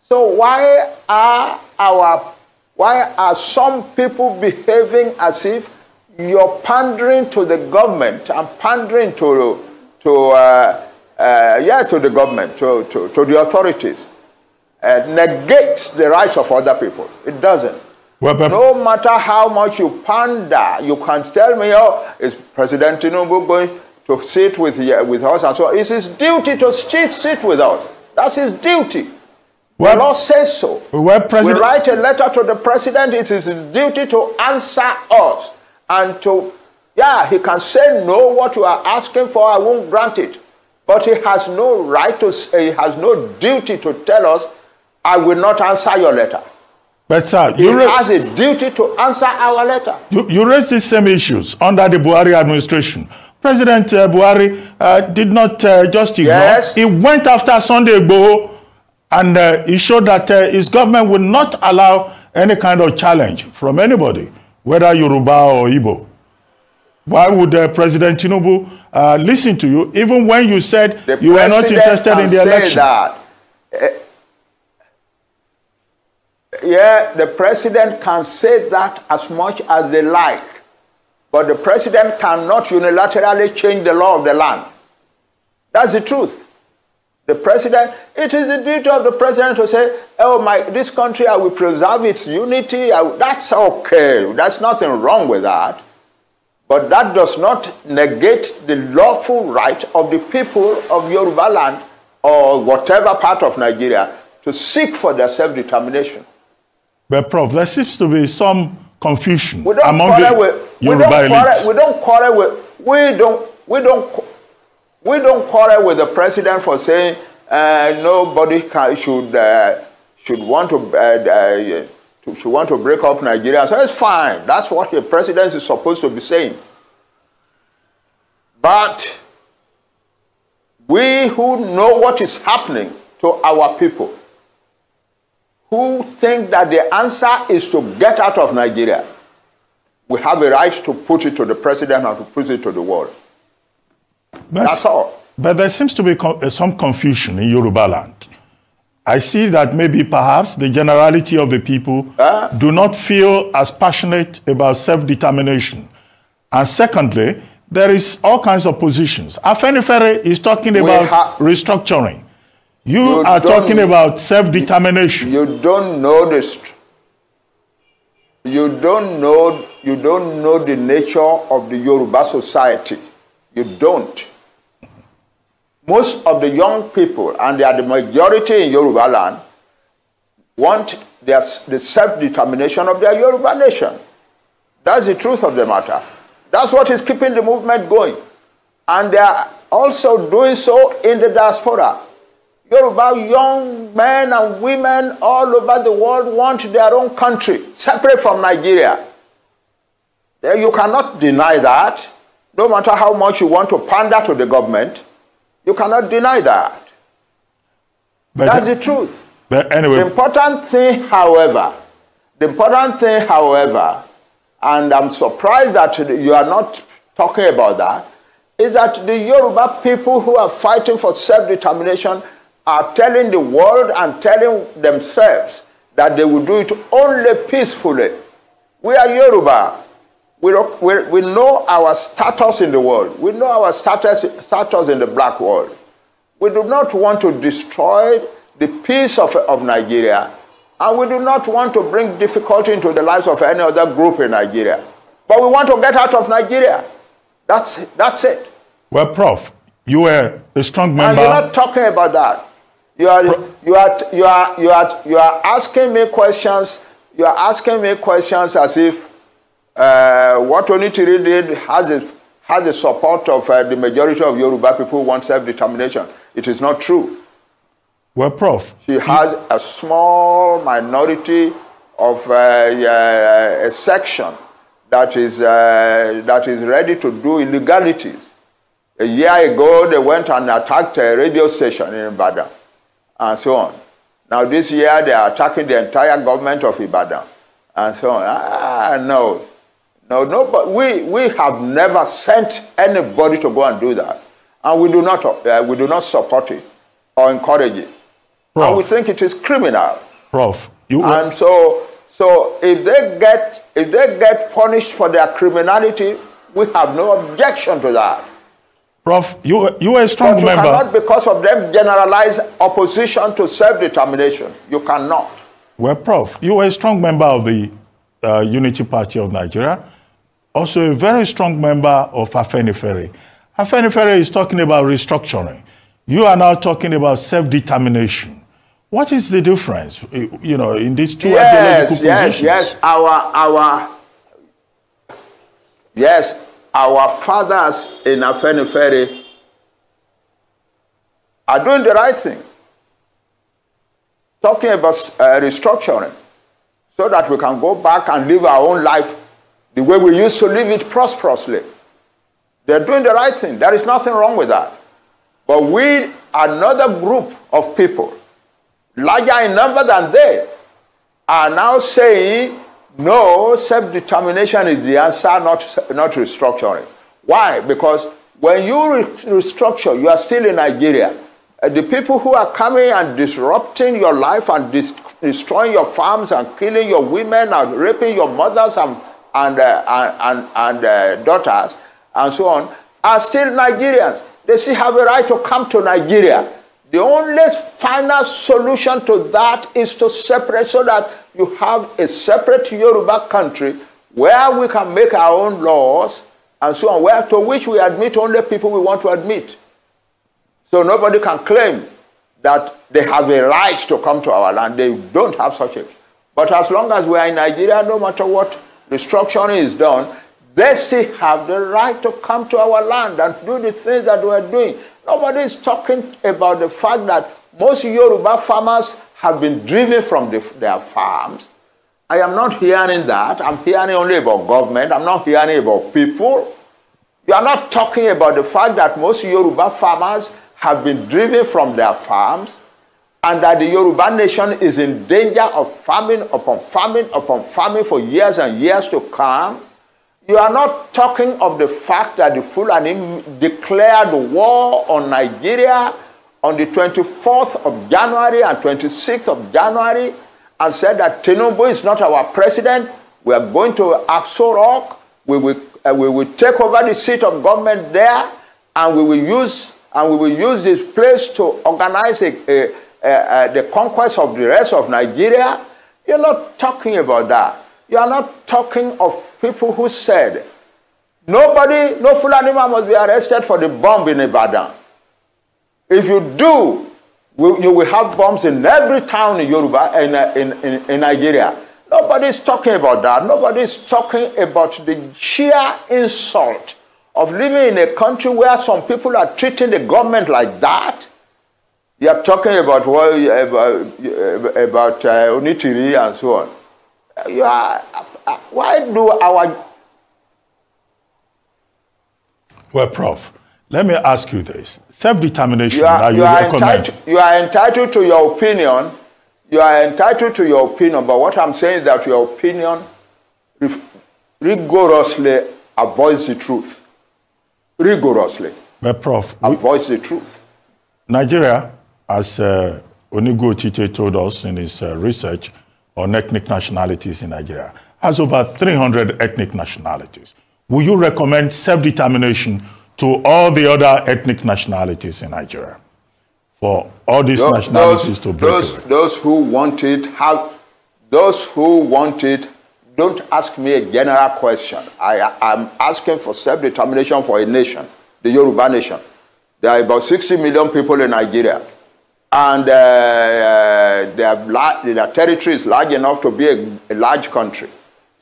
Speaker 2: So why are our
Speaker 4: why are some people behaving as if you're pandering to the government and pandering to to uh, uh, yeah to the government to, to, to the authorities? Uh, negates the rights of other people. It doesn't. Well, no matter how much you pander, you can't tell me, oh, is President Tinubu going to sit with, with us? And so it's his duty to sit, sit with us. That's his duty. Well, the law says so. Well, we write a letter to the president. It is his duty to answer us. And to, yeah, he can say, no, what you are asking for, I won't grant it. But he has no right to, say. he has no duty to tell us, I will not answer your letter.
Speaker 5: But sir, you it has
Speaker 4: a duty to answer our letter.
Speaker 5: You, you raised the same issues under the Buhari administration. President uh, Buhari uh, did not uh, just ignore. Yes. He went after Sunday Igboho and uh, he showed that uh, his government would not allow any kind of challenge from anybody, whether Yoruba or Igbo. Why would uh, President Tinubu uh, listen to you, even when you said the you were not interested in the election? That,
Speaker 4: uh, yeah, the president can say that as much as they like, but the president cannot unilaterally change the law of the land. That's the truth. The president, it is the duty of the president to say, oh, my, this country, I will preserve its unity. that's okay. That's nothing wrong with that. But that does not negate the lawful right of the people of Yoruba land or whatever part of Nigeria to seek for their self-determination.
Speaker 5: But Prof, there seems to be some confusion we don't among quarrel the with, Yoruba we
Speaker 4: don't quarrel, We don't quarrel with we don't we don't we don't quarrel with the president for saying uh, nobody can, should uh, should want to, uh, uh, to should want to break up Nigeria. So it's fine. That's what the president is supposed to be saying. But we who know what is happening to our people who think that the answer is to get out of Nigeria, we have a right to put it to the president and to put it to the world. But, That's all.
Speaker 5: But there seems to be uh, some confusion in Yoruba land. I see that maybe perhaps the generality of the people uh, do not feel as passionate about self-determination. And secondly, there is all kinds of positions. Afenifere is talking about restructuring.
Speaker 4: You, you are talking about self determination. You don't know this. You don't know. You don't know the nature of the Yoruba society. You don't. Most of the young people, and they are the majority in Yoruba land, want their, the self determination of their Yoruba nation. That's the truth of the matter. That's what is keeping the movement going. And they are also doing so in the diaspora. Yoruba young men and women all over the world want their own country, separate from Nigeria. You cannot deny that. No matter how much you want to pander to the government, you cannot deny that. But That's the truth. But anyway. The important thing, however, the important thing, however, and I'm surprised that you are not talking about that, is that the Yoruba people who are fighting for self-determination are telling the world and telling themselves that they will do it only peacefully. We are Yoruba. We, we, we know our status in the world. We know our status, status in the black world. We do not want to destroy the peace of, of Nigeria. And we do not want to bring difficulty into the lives of any other group in Nigeria. But we want to get out of Nigeria. That's, that's it. Well, Prof, you were
Speaker 5: a strong member. And you're not
Speaker 4: talking about that. You are, you are, you are, you are, you are asking me questions. You are asking me questions as if uh, what Onitiri did has the, has the support of uh, the majority of Yoruba people want self-determination. It is not true. Well, Prof. She has a small minority of uh, a, a section that is, uh, that is ready to do illegalities. A year ago, they went and attacked a radio station in Ibadan. and so on. Now this year they are attacking the entire government of Ibadan and so on. Ah, no. No, no, but we, we have never sent anybody to go and do that. And we do not, uh, we do not support it or encourage it. And we think it is criminal. Prof. You and so, so if, they get, if they get punished for their criminality, we have no objection to that. Prof, you, you are a strong but you member. You cannot, because of them, generalize opposition to self determination. You cannot.
Speaker 5: Well, Prof, you are a strong member of the uh, Unity Party of Nigeria, also a very strong member of Afenifere. Afenifere is talking about restructuring. You are now talking about self determination. What is the difference, eh, you know, in these two yes, ideological yes, positions? Yes, yes,
Speaker 4: our, our, yes, our fathers in Afenifere are doing the right thing. Talking about uh, restructuring so that we can go back and live our own life the way we used to live it prosperously. They're doing the right thing. There is nothing wrong with that. But we, another group of people, larger in number than they, are now saying No, self determination is the answer, not, not restructuring. Why? Because when you restructure, you are still in Nigeria. And the people who are coming and disrupting your life and destroying your farms and killing your women and raping your mothers and, and, uh, and, and uh, daughters and so on are still Nigerians. They still have a right to come to Nigeria. The only final solution to that is to separate so that you have a separate Yoruba country where we can make our own laws and so on, where to which we admit only people we want to admit. So nobody can claim that they have a right to come to our land. They don't have such a. But as long as we are in Nigeria, no matter what restructuring is done, they still have the right to come to our land and do the things that we are doing. Nobody is talking about the fact that most Yoruba farmers have been driven from the, their farms. I am not hearing that. I'm hearing only about government. I'm not hearing about people. You are not talking about the fact that most Yoruba farmers have been driven from their farms and that the Yoruba nation is in danger of famine upon famine upon famine for years and years to come. You are not talking of the fact that the Fulani declared war on Nigeria on the 24th of January and 26th of January and said that Tinubu is not our president. We are going to Axo Rock. We will, uh, we will take over the seat of government there and we will use and we will use this place to organize a, a, a, the conquest of the rest of Nigeria. You're not talking about that. You are not talking of people who said, nobody, no Fulani man must be arrested for the bomb in Ibadan. If you do, you will have bombs in every town in Yoruba, in, in, in, in Nigeria. Nobody is talking about that. Nobody is talking about the sheer insult of living in a country where some people are treating the government like that. You are talking about, well, about, about uh, Onitiri and so on. you are why do our
Speaker 5: well prof let me ask you this self-determination you are, you, you are recommend entitled,
Speaker 4: you are entitled to your opinion you are entitled to your opinion but what i'm saying is that your opinion rigorously avoids the truth rigorously well prof avoids we, the truth
Speaker 5: nigeria as uh, onigo teacher told us in his uh, research on ethnic nationalities in Nigeria has over 300 ethnic nationalities. Will you recommend self-determination to all the other ethnic nationalities in Nigeria for all these those, nationalities those, to break those,
Speaker 4: away? Those who want it have, those who want it, don't ask me a general question. I am asking for self-determination for a nation, the Yoruba nation. There are about 60 million people in Nigeria. and uh, uh their, their territory is large enough to be a, a large country.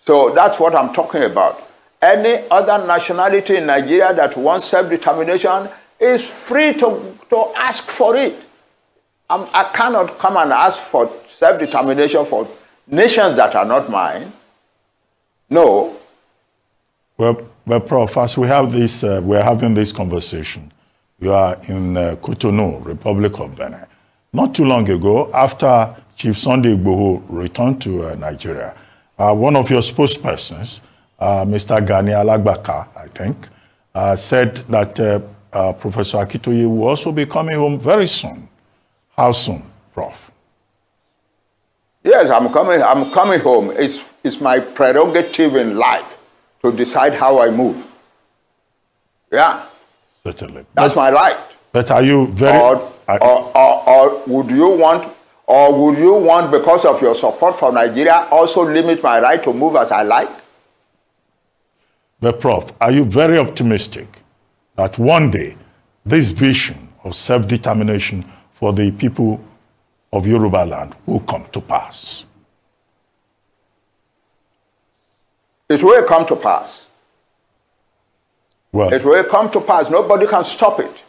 Speaker 4: So that's what I'm talking about. Any other nationality in Nigeria that wants self-determination is free to, to ask for it. I'm, I cannot come and ask for self-determination for nations that are not mine. No.
Speaker 5: Well, well Prof, as we have this, uh, we're having this conversation. You are in uh, Cotonou, Republic of Benin. Not too long ago, after Chief Sunday Igboho returned to uh, Nigeria, uh, one of your spokespersons, uh, Mr. Gani Alagbaka, I think, uh, said that uh, uh, Professor Akitoye will also be coming home very soon. How soon,
Speaker 4: Prof? Yes, I'm coming, I'm coming home. It's, it's my prerogative in life to decide how I move. Yeah. Certainly. That's but, my right. But are you very... Or I, or, or, or would you want or would you want, because of your support for Nigeria, also limit my right to move as I like?
Speaker 5: The Prof, are you very optimistic that one day this vision of self-determination for the people of Yoruba land will come to pass?
Speaker 4: It will come to pass. Well, it will come to pass. Nobody can stop it.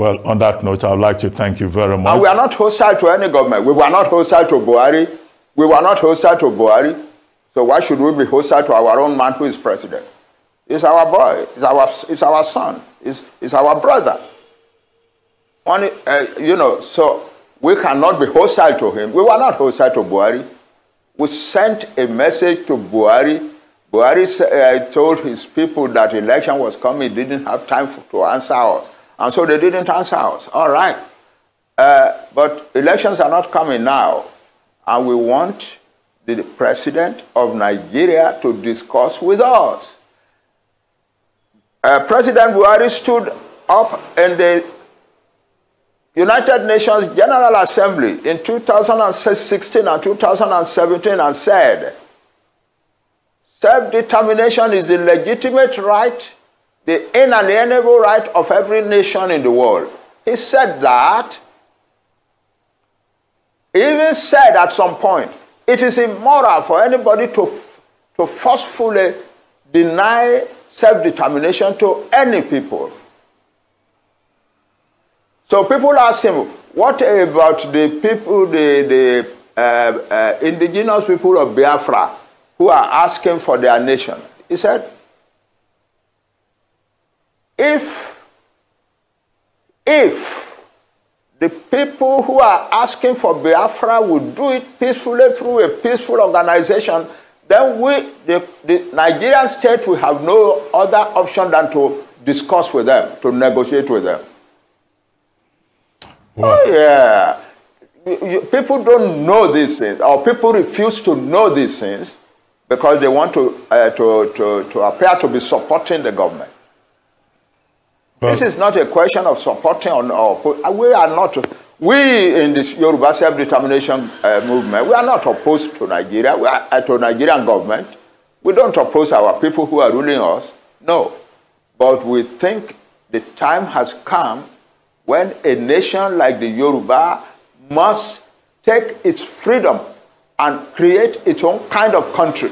Speaker 5: Well, on that note, I would like to thank you very much. And we are
Speaker 4: not hostile to any government. We were not hostile to Buhari. We were not hostile to Buhari. So why should we be hostile to our own man who is president? It's our boy. It's our, it's our son. It's, it's our brother. Only, uh, you know, so we cannot be hostile to him. We were not hostile to Buhari. We sent a message to Buhari. Buhari uh, told his people that election was coming. He didn't have time for, to answer us. And so they didn't answer us. All right. Uh, but elections are not coming now. And we want the president of Nigeria to discuss with us. Uh, president Buhari stood up in the United Nations General Assembly in 2016 and 2017 and said, Self-determination is the legitimate right the inalienable right of every nation in the world. He said that. He even said at some point, it is immoral for anybody to, to forcefully deny self determination to any people. So people ask him, what about the people, the, the uh, uh, indigenous people of Biafra who are asking for their nation? He said, If, if the people who are asking for Biafra would do it peacefully through a peaceful organization, then we, the, the Nigerian state, will have no other option than to discuss with them, to negotiate with them. Wow. Oh, yeah. You, you, people don't know these things, or people refuse to know these things because they want to, uh, to, to, to appear to be supporting the government. But this is not a question of supporting or not. Uh, we are not. We in the Yoruba self-determination uh, movement, we are not opposed to Nigeria. We are uh, to Nigerian government. We don't oppose our people who are ruling us. No, but we think the time has come when a nation like the Yoruba must take its freedom and create its own kind of country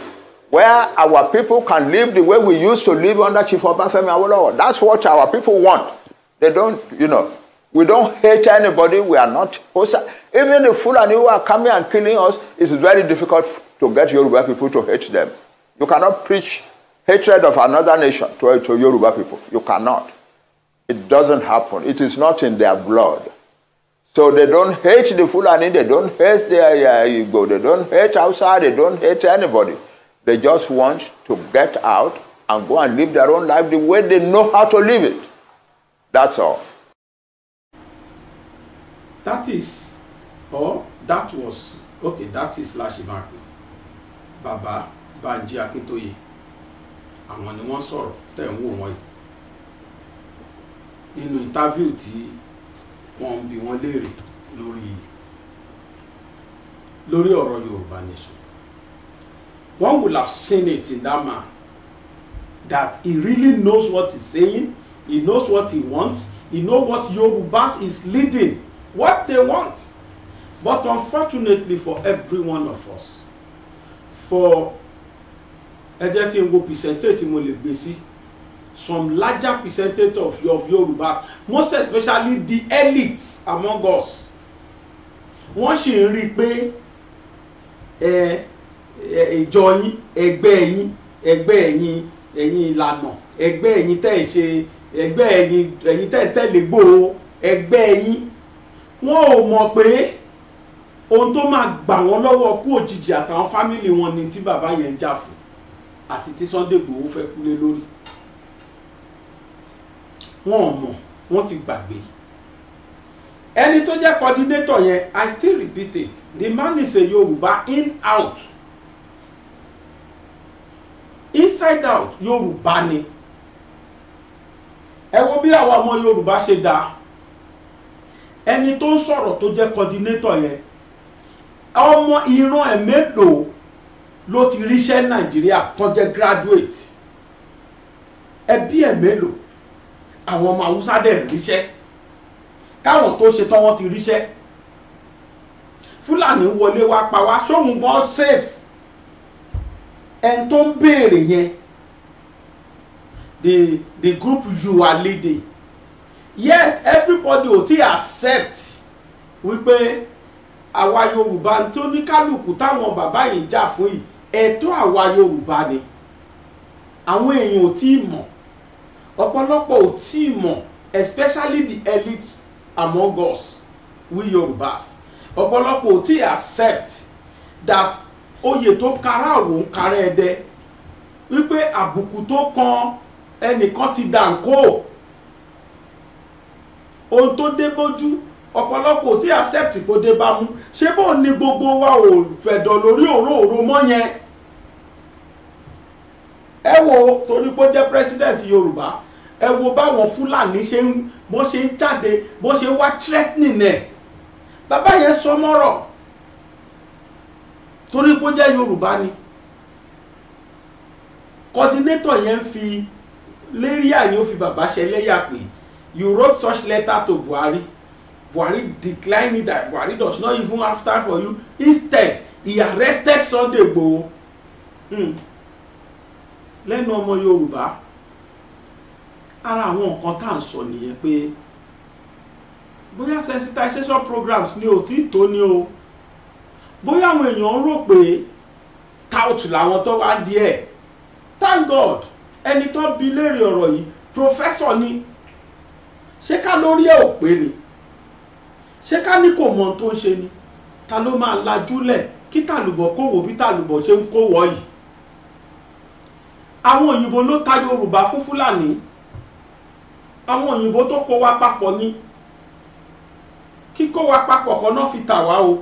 Speaker 4: where our people can live the way we used to live under Chief Obafemi Awolowo. That's what our people want. They don't, you know, we don't hate anybody. We are not hostile. Even the Fulani who are coming and killing us, it's very difficult to get Yoruba people to hate them. You cannot preach hatred of another nation to, to Yoruba people. You cannot. It doesn't happen. It is not in their blood. So they don't hate the Fulani, they don't hate their uh, Igbo, they don't hate outside, they don't hate anybody. They just want to get out and go and live their own life the way they know how to live it. That's all.
Speaker 2: That is, or that was, okay, that is Lashimarkin. Baba Banji Akintoye. Àwọn ni wọ́n sọ̀rọ̀ tẹ̀ ń wò wọ́n In the interview Ti, wọ́n be bi wọ́n léèrè lórí lórí ọ̀rọ̀ Yorùbá one will have seen it in that man that he really knows what he's saying he knows what he wants he know what Yorubas is leading what they want but unfortunately for every one of us for ẹ jẹ́ kí n wo percentage mo lè gbé sí some larger percentage of your Yorubas most especially the elite among us wọ́n sì ń rí i pé ẹ. Eh, ìjọ yín ẹgbẹ́ yín ẹgbẹ́ ẹ̀yin ẹ̀yin ìlànà ẹgbẹ́ ẹ̀yin tẹ́ ẹ̀ ṣe ẹgbẹ́ ẹ̀yin ẹ̀yin tẹ́ ẹ̀ tẹ́lẹ̀ gbòòrò ẹgbẹ́ ẹ̀yin wọn ò mọ̀ pé ohun tó máa gbà wọ́n lọ́wọ́ kú òjijì àtàwọn fámìlì wọn ni tí bàbá yẹn ń jà fún àti tí Sunday Igboho fẹ́ kúlé lórí wọn ò mọ̀ wọ́n ti gbàgbé ẹni tó jẹ́ coordinator yẹn I still repeat it the man is a Yorùbá in out inside out yorùbá ni ẹ wo bí àwa ọmọ yorùbá ṣe dá ẹni tó ń sọ̀rọ̀ tó jẹ́ coordinator yẹn ọmọ ìran ẹ̀ mélòó ló ti ríṣẹ́ nàìjíríà tó jẹ́ graduate ẹbí ẹ̀ mélòó àwọn ọmọ haúsá dẹ̀ ríṣẹ́ káwọn tó ṣe tán wọ́n ti ríṣẹ́ fúlàní wọlé wá pa wá sóhun gan safe ẹni tó ń béèrè yẹn the the group you are leading yet everybody ò ti accept wípé àwa yorùbá tí oníkálukú táwọn bàbá yìí ń jà fún yìí ẹ̀tọ́ àwa yorùbá ni àwọn èèyàn ò tí ì mọ̀ ọ̀pọ̀lọpọ̀ ò tí ì mọ̀ especially the elites among us we yorùbás ọ̀pọ̀lọpọ̀ ò tí ì accept that oyè tó kara àwò ń kara ẹdẹ wípé àbùkù tó kan ẹnìkan ti dànkó ohun tó dé bójú ọ̀pọ̀lọpọ̀ tí accept kò dé bá mú ṣé bóun ni gbogbo wa ò fẹ̀dọ̀ lórí òróòro mọ́ yẹn ẹ wo torí pé ó jẹ́ president Yorùbá ẹ wo báwọn Fúlàní ṣe ń bó ṣe ń jáde bó ṣe wá threatening ẹ̀ bàbá yẹn sọ mọ́rọ̀ torí pé ó jẹ́ Yorùbá ni coordinator yẹn ń fi lérí àyè ó fi bàbá ṣe lẹ́yà pé you wrote such letter to Buhari Buhari declined that Buhari does not even after for you instead he arrested Sunday Igboho hmm. lẹ́nu ọmọ Yorùbá ara àwọn nǹkan tá à ń sọ nìyẹn pé bóyá sensitization programs ni ò tí ì tó ní o. Ti, bóyá àwọn èèyàn rò pé tout làwọn tó wá díẹ̀ thank god ẹni tó bi léèrè ọ̀rọ̀ yìí professor ni ṣé ká lórí ẹ̀ ò pé ni ṣé ká ní kò mọ ohun tó ń ṣe ni ta ló máa lajúlẹ̀ kí tàlùbọ̀ kó wò bí tàlùbọ̀ ṣe ń kó wọ̀ yìí àwọn òyìnbó ló ta yorùbá fún fúlàní àwọn òyìnbó tó kó wa papọ̀ ni kíkó wa papọ̀ kan náà fi tà wá o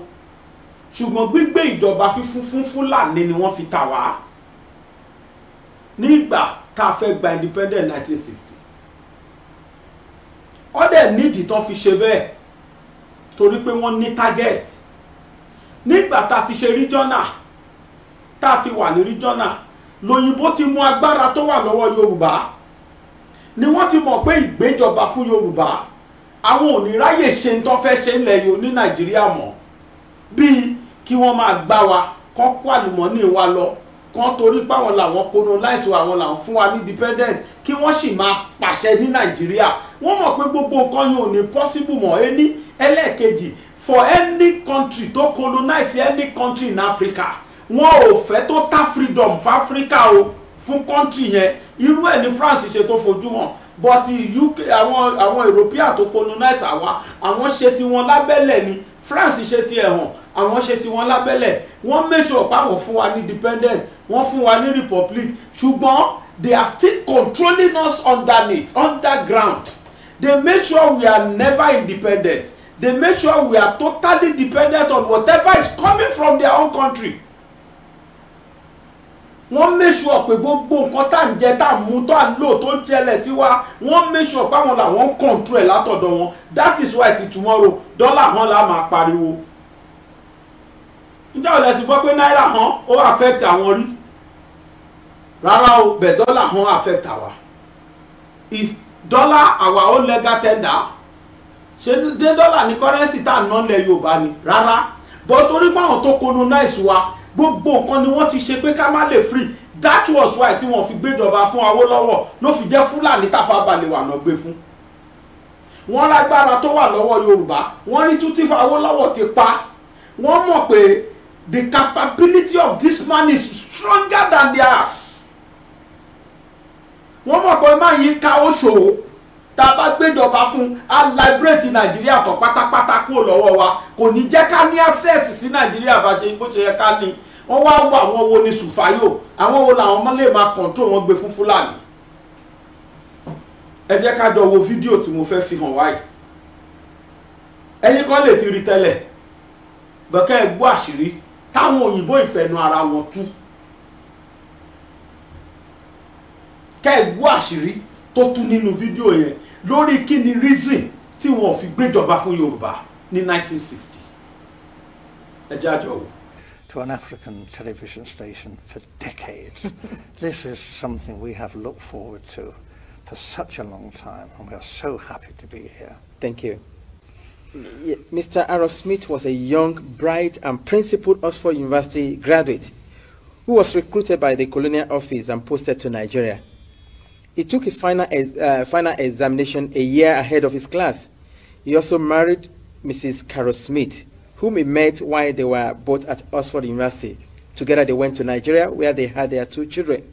Speaker 2: ṣùgbọ́n gbígbé ìjọba fífún fún fúlàní ni wọ́n fi tà wá nígbà tá a fẹ́ gba independent 1960 ọ̀dẹ̀ nídìí tán fi ṣe bẹ́ẹ̀ torí pé wọ́n ní target nígbà tá a ti ṣe regional tá a ti wà ní regional lòyìnbó ti mú agbára tó wà lọ́wọ́ yorùbá ni wọ́n ti mọ̀ pé ìgbéjọba fún yorùbá àwọn ò ní ráyè ṣe ń tán fẹ́ ṣe ńlẹ̀ yòó ní nàìjíríà mọ́ bíi kí wọ́n máa gbá wa kán kó àlùmọ́nì wa lọ kán torí páwọn làwọn colonize wa àwọn làwọn fún wa ní independent kí wọ́n sì máa pàṣẹ ní nàìjíríà wọ́n mọ̀ pé gbogbo nǹkan yẹn ní possible mọ́ ẹni ẹlẹ́ẹ̀kejì for any country tó colonize any country in Africa wọn ò fẹ́ total freedom for Africa o fún country yẹn irú ẹ̀ ní France ṣe tó fojú but UK àwọn àwọn European tó colonize àwa àwọn ṣe tiwọn lábẹ́lẹ̀ ni France ṣe ti ẹ̀hàn àwọn ṣe ti wọn lábẹ́lẹ̀ wọ́n make sure páwọn fún wa ní independent wọ́n fún wa ní republic ṣùgbọ́n they are still controlling us underneath underground they make sure we are never independent they make sure we are totally dependent on whatever is coming from their own country wọ́n make sure pé gbogbo nǹkan tá à ń jẹ tá à ń mu tó à ń lò tó ń jẹlẹ̀ sí wa wọ́n make sure pé àwọn làwọn ń control ẹ̀ látọ̀dọ̀ wọn that is why ti tomorrow dọ́là hàn la máa pariwo nígbà wo lẹ ti gbọ́ pé náírà hàn ó affect àwọn rí rárá o bẹ̀ dọ́là hàn affect àwa is dọ́là àwa ó legal tender ṣé dé dọ́là ní kọ́rẹ́nsì tá à ń ná lẹ̀ Yorùbá ni rárá bọ́ torí pé àwọn tó colonize wa gbogbo nǹkan ni wọ́n ti ṣe pé ká má lè free that was why tí wọ́n fi gbéjọba fún Awólọ́wọ̀ ló fi jẹ́ Fúlàní tàfà balẹ̀ wà náà gbé fún wọ́n lágbára tó wà lọ́wọ́ Yorùbá wọ́n ní tún tí Awólọ́wọ̀ ti pa wọ́n mọ̀ pé the capability of this man is stronger than theirs wọ́n mọ̀ pé má yí ká ó ṣòwò tá a bá gbéjọba fún a liberate nàìjíríà tó pátápátá kúrò lọ́wọ́ wa kò ní jẹ́ ká ní access sí nàìjíríà bá ṣe bó ṣe yẹ ká ní wọ́n wá wọ àwọn wo ni sùfáyò àwọn wo làwọn ọmọ lè máa control wọn gbé fún fúlàní ẹ jẹ́ ká jọ wo fídíò tí mo fẹ́ fi hàn wáyé ẹ̀yin kan lè ti rí tẹ́lẹ̀ bẹ̀kẹ́ ẹ gbọ́ àṣírí táwọn òyìnbó ìfẹ̀nu ara wọn tú kẹ́ ẹ gbọ́ àṣírí tó tú nínú video yẹn lórí kini reason tí wọn ò fi gbéjọba fún Yorùbá ní 1960
Speaker 6: to an African television station for decades. this is something we have looked forward to for such
Speaker 7: a long time, and we are so happy to be here. Thank you. Mr. Arrowsmith was a young, bright, and principled Oxford University graduate who was recruited by the colonial office and posted to Nigeria. He took his final, uh, final examination a year ahead of his class. He also married Mrs. Carol Smith, whom he met while they were both at Oxford University. Together they went to Nigeria, where they had their two children.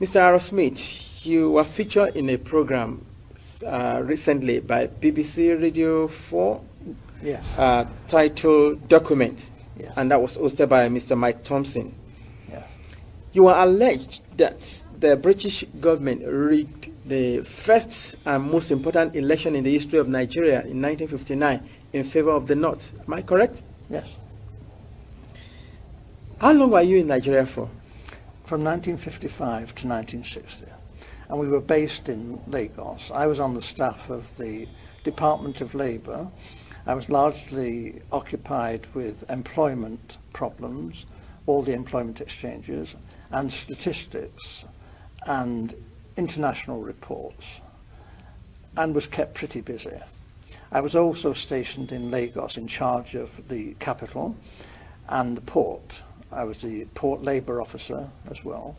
Speaker 7: Mr. Arrow Smith, you were featured in a program uh, recently by BBC Radio 4 uh, titled Document, and that was hosted by Mr. Mike Thompson. You were alleged that the British government rigged the first and most important election in the history of Nigeria in 1959 in favor of the North. Am I correct? Yes. How long were you in Nigeria for? From 1955 to 1960. And we were
Speaker 6: based in Lagos. I was on the staff of the Department of Labour. I was largely occupied with employment problems, all the employment exchanges, and statistics and international reports and was kept pretty busy. I was also stationed in Lagos in charge of the capital and the port. I was the port labour officer as well.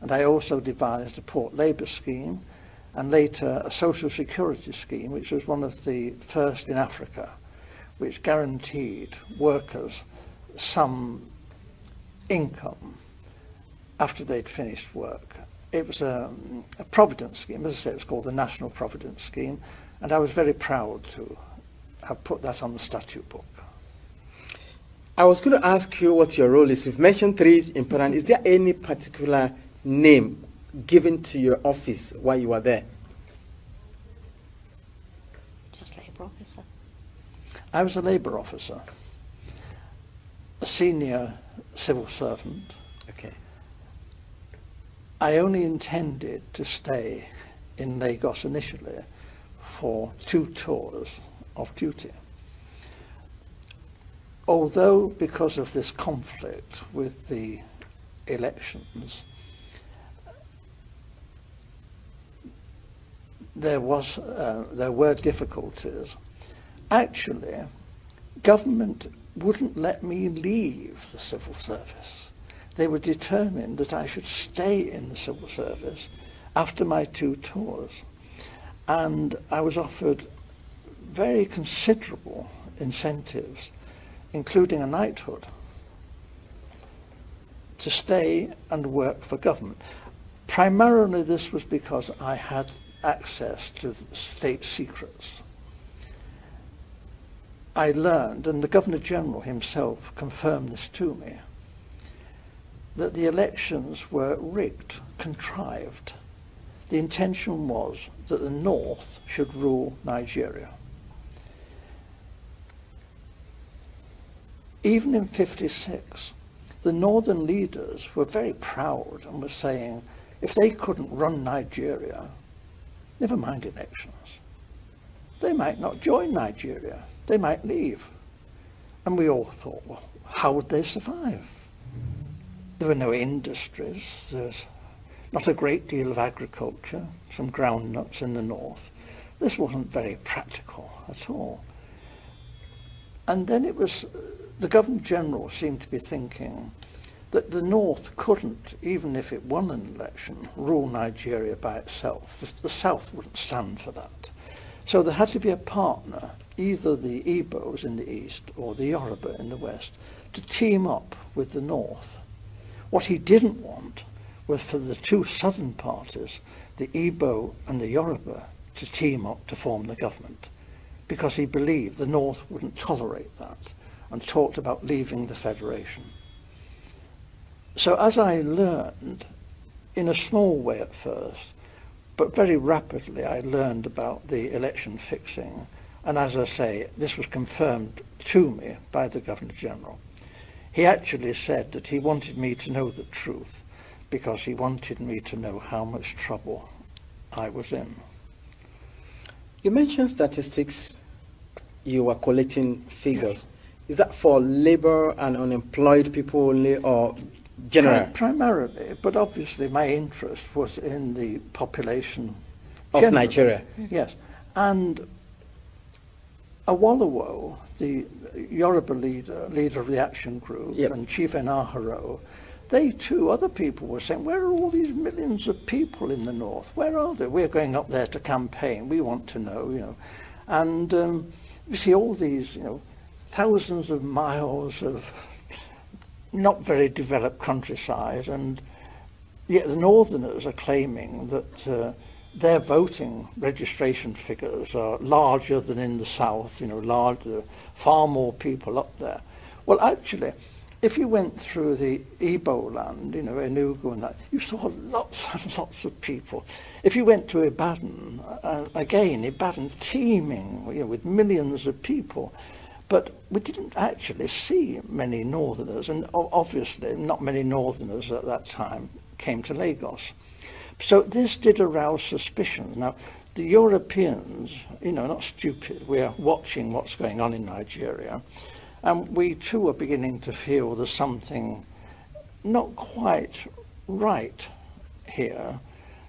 Speaker 6: And I also devised a port labour scheme and later a social security scheme, which was one of the first in Africa, which guaranteed workers some income after they'd finished work it was a, a providence scheme. As I say, it was called the National Providence Scheme, and I was very proud to have put that
Speaker 7: on the statute book. I was going to ask you what your role is. You've mentioned three important. Is there any particular name given to your office while you were there?
Speaker 6: Just labour officer. I was a labour officer, a senior civil servant, I only intended to stay in Lagos initially for two tours of duty. Although, because of this conflict with the elections, there, was, uh, there were difficulties. Actually, government wouldn't let me leave the civil service they were determined that I should stay in the civil service after my two tours. And I was offered very considerable incentives, including a knighthood, to stay and work for government. Primarily this was because I had access to state secrets. I learned, and the Governor General himself confirmed this to me, that the elections were rigged, contrived. The intention was that the North should rule Nigeria. Even in 56, the Northern leaders were very proud and were saying if they couldn't run Nigeria, never mind elections. They might not join Nigeria. They might leave. And we all thought, well, how would they survive? There were no industries. There's not a great deal of agriculture, some groundnuts in the north. This wasn't very practical at all. And then it was, the Governor-General seemed to be thinking that the North couldn't, even if it won an election, rule Nigeria by itself. The, the South wouldn't stand for that. So there had to be a partner, either the Igbos in the East or the Yoruba in the West, to team up with the North. What he didn't want was for the two southern parties, the Igbo and the Yoruba, to team up to form the government because he believed the North wouldn't tolerate that and talked about leaving the Federation. So as I learned, in a small way at first, but very rapidly I learned about the election fixing and as I say, this was confirmed to me by the Governor-General. He actually said that he wanted me to know the truth because he wanted me to know how much trouble I
Speaker 7: was in. You mentioned statistics, you were collecting figures. Yes. Is that for labor and unemployed people only or general? primarily, but obviously my interest was in the population
Speaker 6: of generally. Nigeria. Yes, and Awolowo, the Yoruba leader, leader of the action group, yep. and Chief Enaharo, they too, other people were saying, where are all these millions of people in the north? Where are they? We're going up there to campaign. We want to know, you know. And um, you see all these, you know, thousands of miles of not very developed countryside, and yet the northerners are claiming that uh, their voting registration figures are larger than in the south, you know, larger, far more people up there. Well, actually, if you went through the Igbo land, you know, Enugu and that, you saw lots and lots of people. If you went to Ibadan, uh, again, Ibadan teeming, you know, with millions of people. But we didn't actually see many northerners, and obviously not many northerners at that time came to Lagos. So this did arouse suspicion. Now, the Europeans, you know, not stupid, we are watching what's going on in Nigeria, and we too are beginning to feel there's something not quite right here,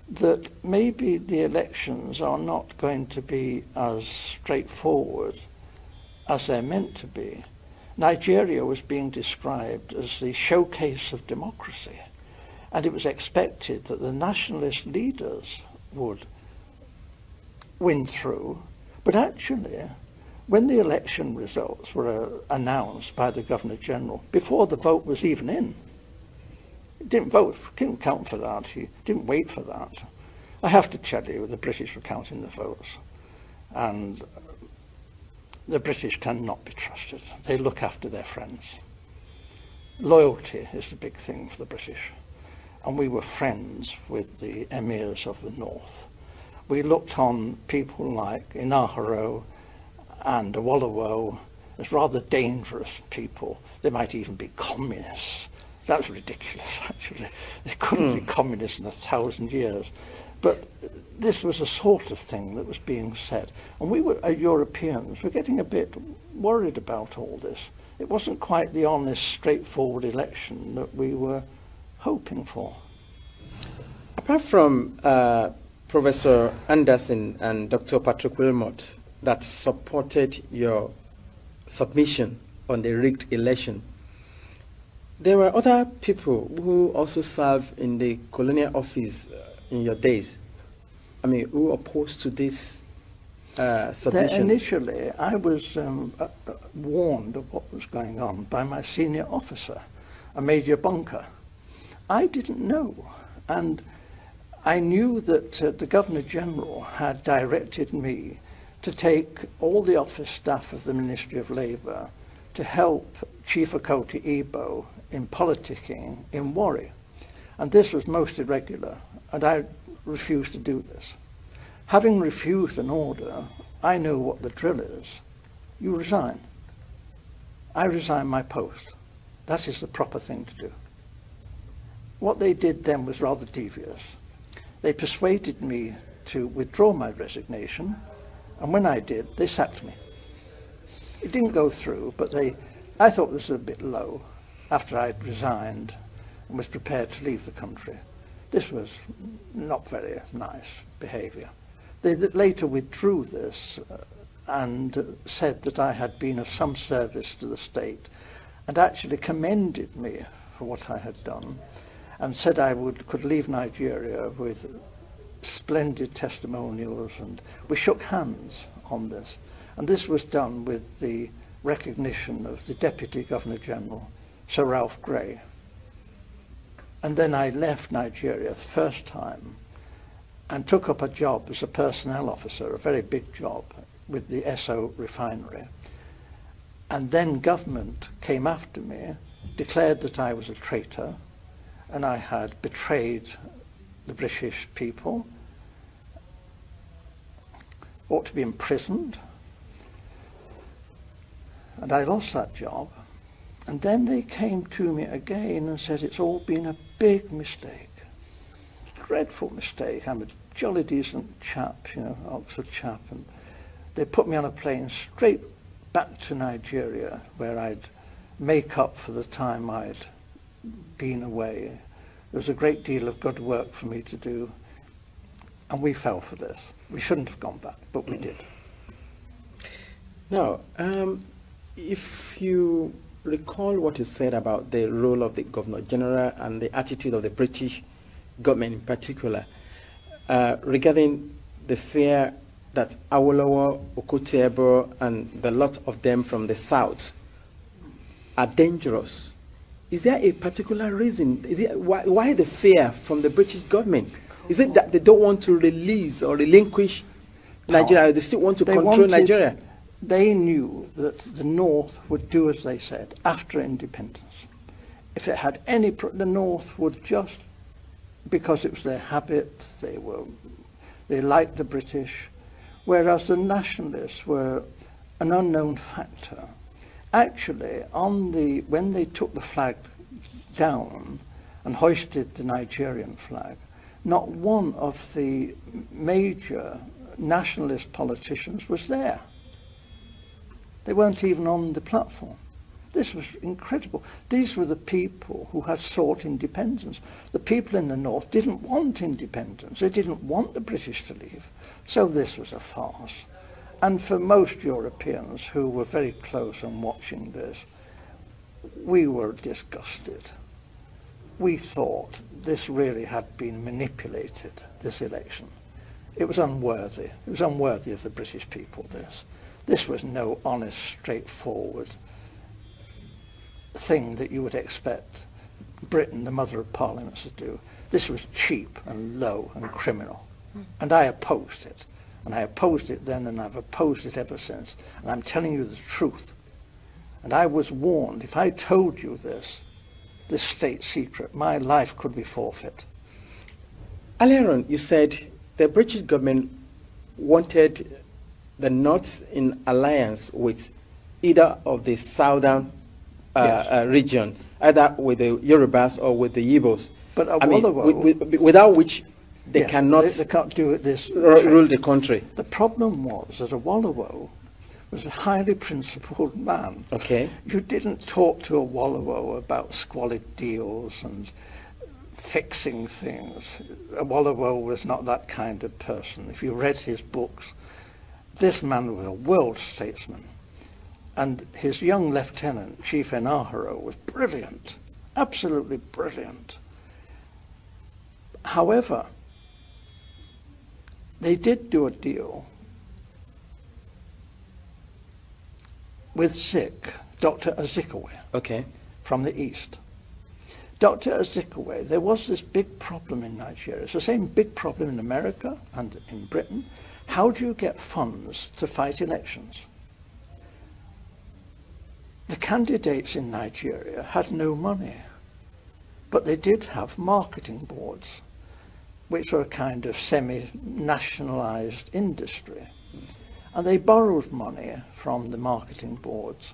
Speaker 6: that maybe the elections are not going to be as straightforward as they're meant to be. Nigeria was being described as the showcase of democracy. And it was expected that the nationalist leaders would win through. But actually, when the election results were uh, announced by the Governor General, before the vote was even in, he didn't vote, didn't count for that, he didn't wait for that. I have to tell you, the British were counting the votes. And the British cannot be trusted. They look after their friends. Loyalty is the big thing for the British and we were friends with the emirs of the north. We looked on people like Inaharo and Awolowo as rather dangerous people. They might even be communists. That's ridiculous, actually. They couldn't mm. be hmm. communists in a thousand years. But this was a sort of thing that was being said. And we were, uh, Europeans, are getting a bit worried about all this. It wasn't quite the honest, straightforward election that we were
Speaker 7: hoping for? Apart from uh, Professor Anderson and Dr. Patrick Wilmot that supported your submission on the rigged election, there were other people who also served in the colonial office uh, in your days. I mean, who opposed to this uh, submission? initially, I was um, uh,
Speaker 6: uh, warned of what was going on by my senior officer, a Major Bunker, I didn't know. And I knew that uh, the Governor General had directed me to take all the office staff of the Ministry of Labour to help Chief Okoti Ebo in politicking in Warri. And this was most irregular, and I refused to do this. Having refused an order, I know what the drill is. You resign. I resign my post. That is the proper thing to do. What they did then was rather devious. They persuaded me to withdraw my resignation, and when I did, they sacked me. It didn't go through, but they, I thought this was a bit low after I'd resigned and was prepared to leave the country. This was not very nice behaviour. They later withdrew this uh, and said that I had been of some service to the state and actually commended me for what I had done and said I would, could leave Nigeria with splendid testimonials and we shook hands on this. And this was done with the recognition of the Deputy Governor General, Sir Ralph Grey. And then I left Nigeria the first time and took up a job as a personnel officer, a very big job, with the Esso refinery. And then government came after me, declared that I was a traitor, and I had betrayed the British people, ought to be imprisoned. And I lost that job. And then they came to me again and said, it's all been a big mistake. Dreadful mistake. I'm a jolly decent chap, you know, Oxford chap. And they put me on a plane straight back to Nigeria where I'd make up for the time I'd been away. There was a great deal of good work for me to do, and we fell for this. We shouldn't have gone back, but we did.
Speaker 7: Now, um, if you recall what you said about the role of the Governor General and the attitude of the British government in particular uh, regarding the fear that Awolowo, Okutiebo, and the lot of them from the south are dangerous is there a particular reason? why, why the fear from the British government? Is it that they don't want to release or relinquish Nigeria? They still want to they control wanted, Nigeria? They knew that the
Speaker 6: North would do as they said after independence. If it had any, the North would just, because it was their habit, they were, they liked the British, whereas the nationalists were an unknown factor actually, on the, when they took the flag down and hoisted the Nigerian flag, not one of the major nationalist politicians was there. They weren't even on the platform. This was incredible. These were the people who had sought independence. The people in the north didn't want independence. They didn't want the British to leave. So this was a farce. And for most Europeans who were very close and watching this, we were disgusted. We thought this really had been manipulated, this election. It was unworthy. It was unworthy of the British people, this. This was no honest, straightforward thing that you would expect Britain, the mother of parliaments, to do. This was cheap and low and criminal. And I opposed it. And I opposed it then, and I've opposed it ever since. And I'm telling you the truth. And I was warned, if I told you this, this state secret,
Speaker 7: my life could be forfeit. Earlier on, you said the British government wanted the North in alliance with either of the southern uh, yes. uh, region, either with the Yorubas or with the Igbos. But uh, I mean, with,
Speaker 6: with, without which
Speaker 7: they yeah, cannot. They, they,
Speaker 6: can't do it this. rule the country. The problem was that a Walla, was a highly principled man. Okay. You didn't talk to a Walla about squalid deals and fixing things. A Walla was not that kind of person. If you read his books, this man was a world statesman. And his young lieutenant, Chief Enaharo, was brilliant, absolutely brilliant. However, they did do a deal with Zik, Dr. Azikawe. Okay. From the East. Dr. Azikawe, there was this big problem in Nigeria. It's the same big problem in America and in Britain. How do you get funds to fight elections? The candidates in Nigeria had no money, but they did have marketing boards which were a kind of semi-nationalized industry. And they borrowed money from the marketing boards.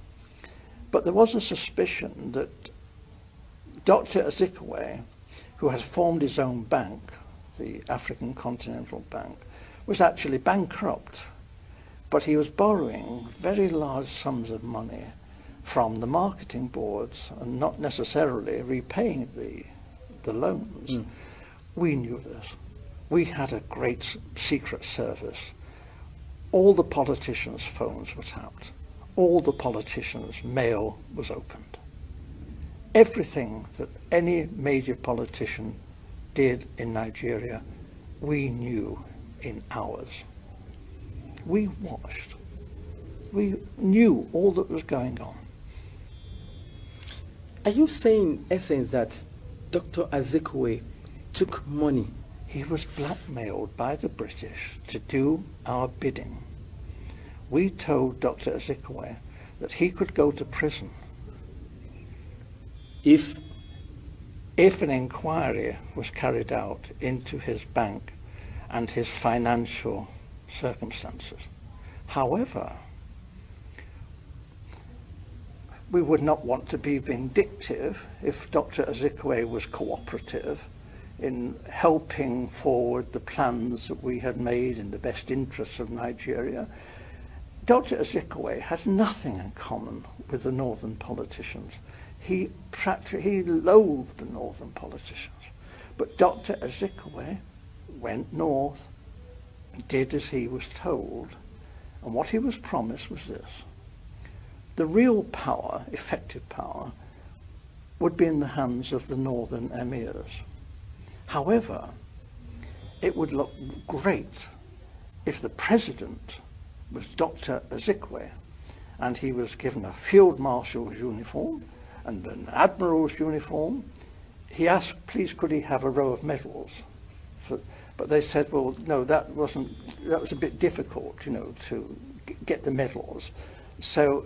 Speaker 6: But there was a suspicion that Dr. Azikwe, who has formed his own bank, the African Continental Bank, was actually bankrupt. But he was borrowing very large sums of money from the marketing boards and not necessarily repaying the, the loans. Mm. We knew this. We had a great secret service. All the politicians' phones were tapped. All the politicians' mail was opened. Everything that any major politician did in Nigeria, we knew in hours.
Speaker 7: We watched. We knew all that was going on. Are you saying, in essence, that Dr. Azikwe took money. He was blackmailed by the British
Speaker 6: to do our bidding. We told Dr. Azikwe that he could go to prison if if an inquiry was carried out into his bank and his financial circumstances. However, we would not want to be vindictive if Dr. Azikwe was cooperative in helping forward the plans that we had made in the best interests of Nigeria. Dr. Azikwe has nothing in common with the northern politicians. He, he loathed the northern politicians. But Dr. Azikwe went north and did as he was told. And what he was promised was this. The real power, effective power, would be in the hands of the northern emirs. However, it would look great if the president was Dr. Azikwe and he was given a field marshal's uniform and an admiral's uniform. He asked, please could he have a row of medals? For, but they said, well, no, that wasn't, that was a bit difficult, you know, to get the medals. So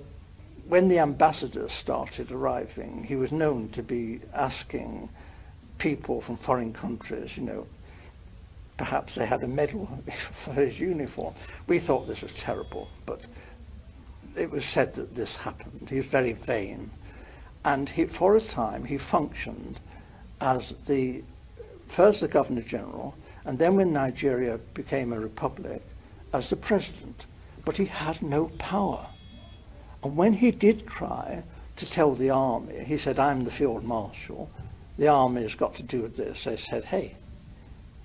Speaker 6: when the ambassadors started arriving, he was known to be asking people from foreign countries, you know, perhaps they had a medal for his uniform. We thought this was terrible, but it was said that this happened. He was very vain. And he, for a time, he functioned as the first the Governor General, and then when Nigeria became a republic, as the president. But he had no power. And when he did try to tell the army, he said, I'm the field marshal, the army has got to do with this. They said, hey,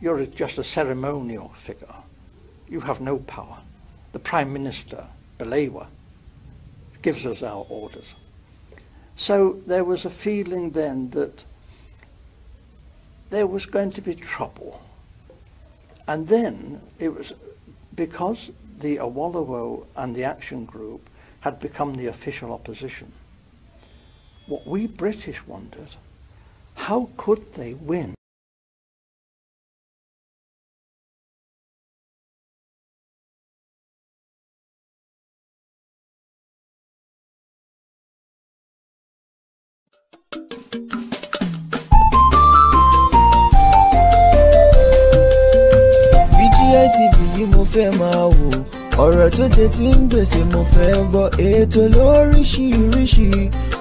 Speaker 6: you're just a ceremonial figure. You have no power. The Prime Minister, Balewa, gives us our orders. So there was a feeling then that there was going to be trouble. And then it was because the Awolowo and the Action Group had become the official
Speaker 3: opposition. What we British wondered How could they win?
Speaker 1: BGI yìí mo fẹ́ máa wò ọ̀rọ̀ tó jẹ ti ń gbèsè mo fẹ́ gbọ́ ètò lóríṣiríṣi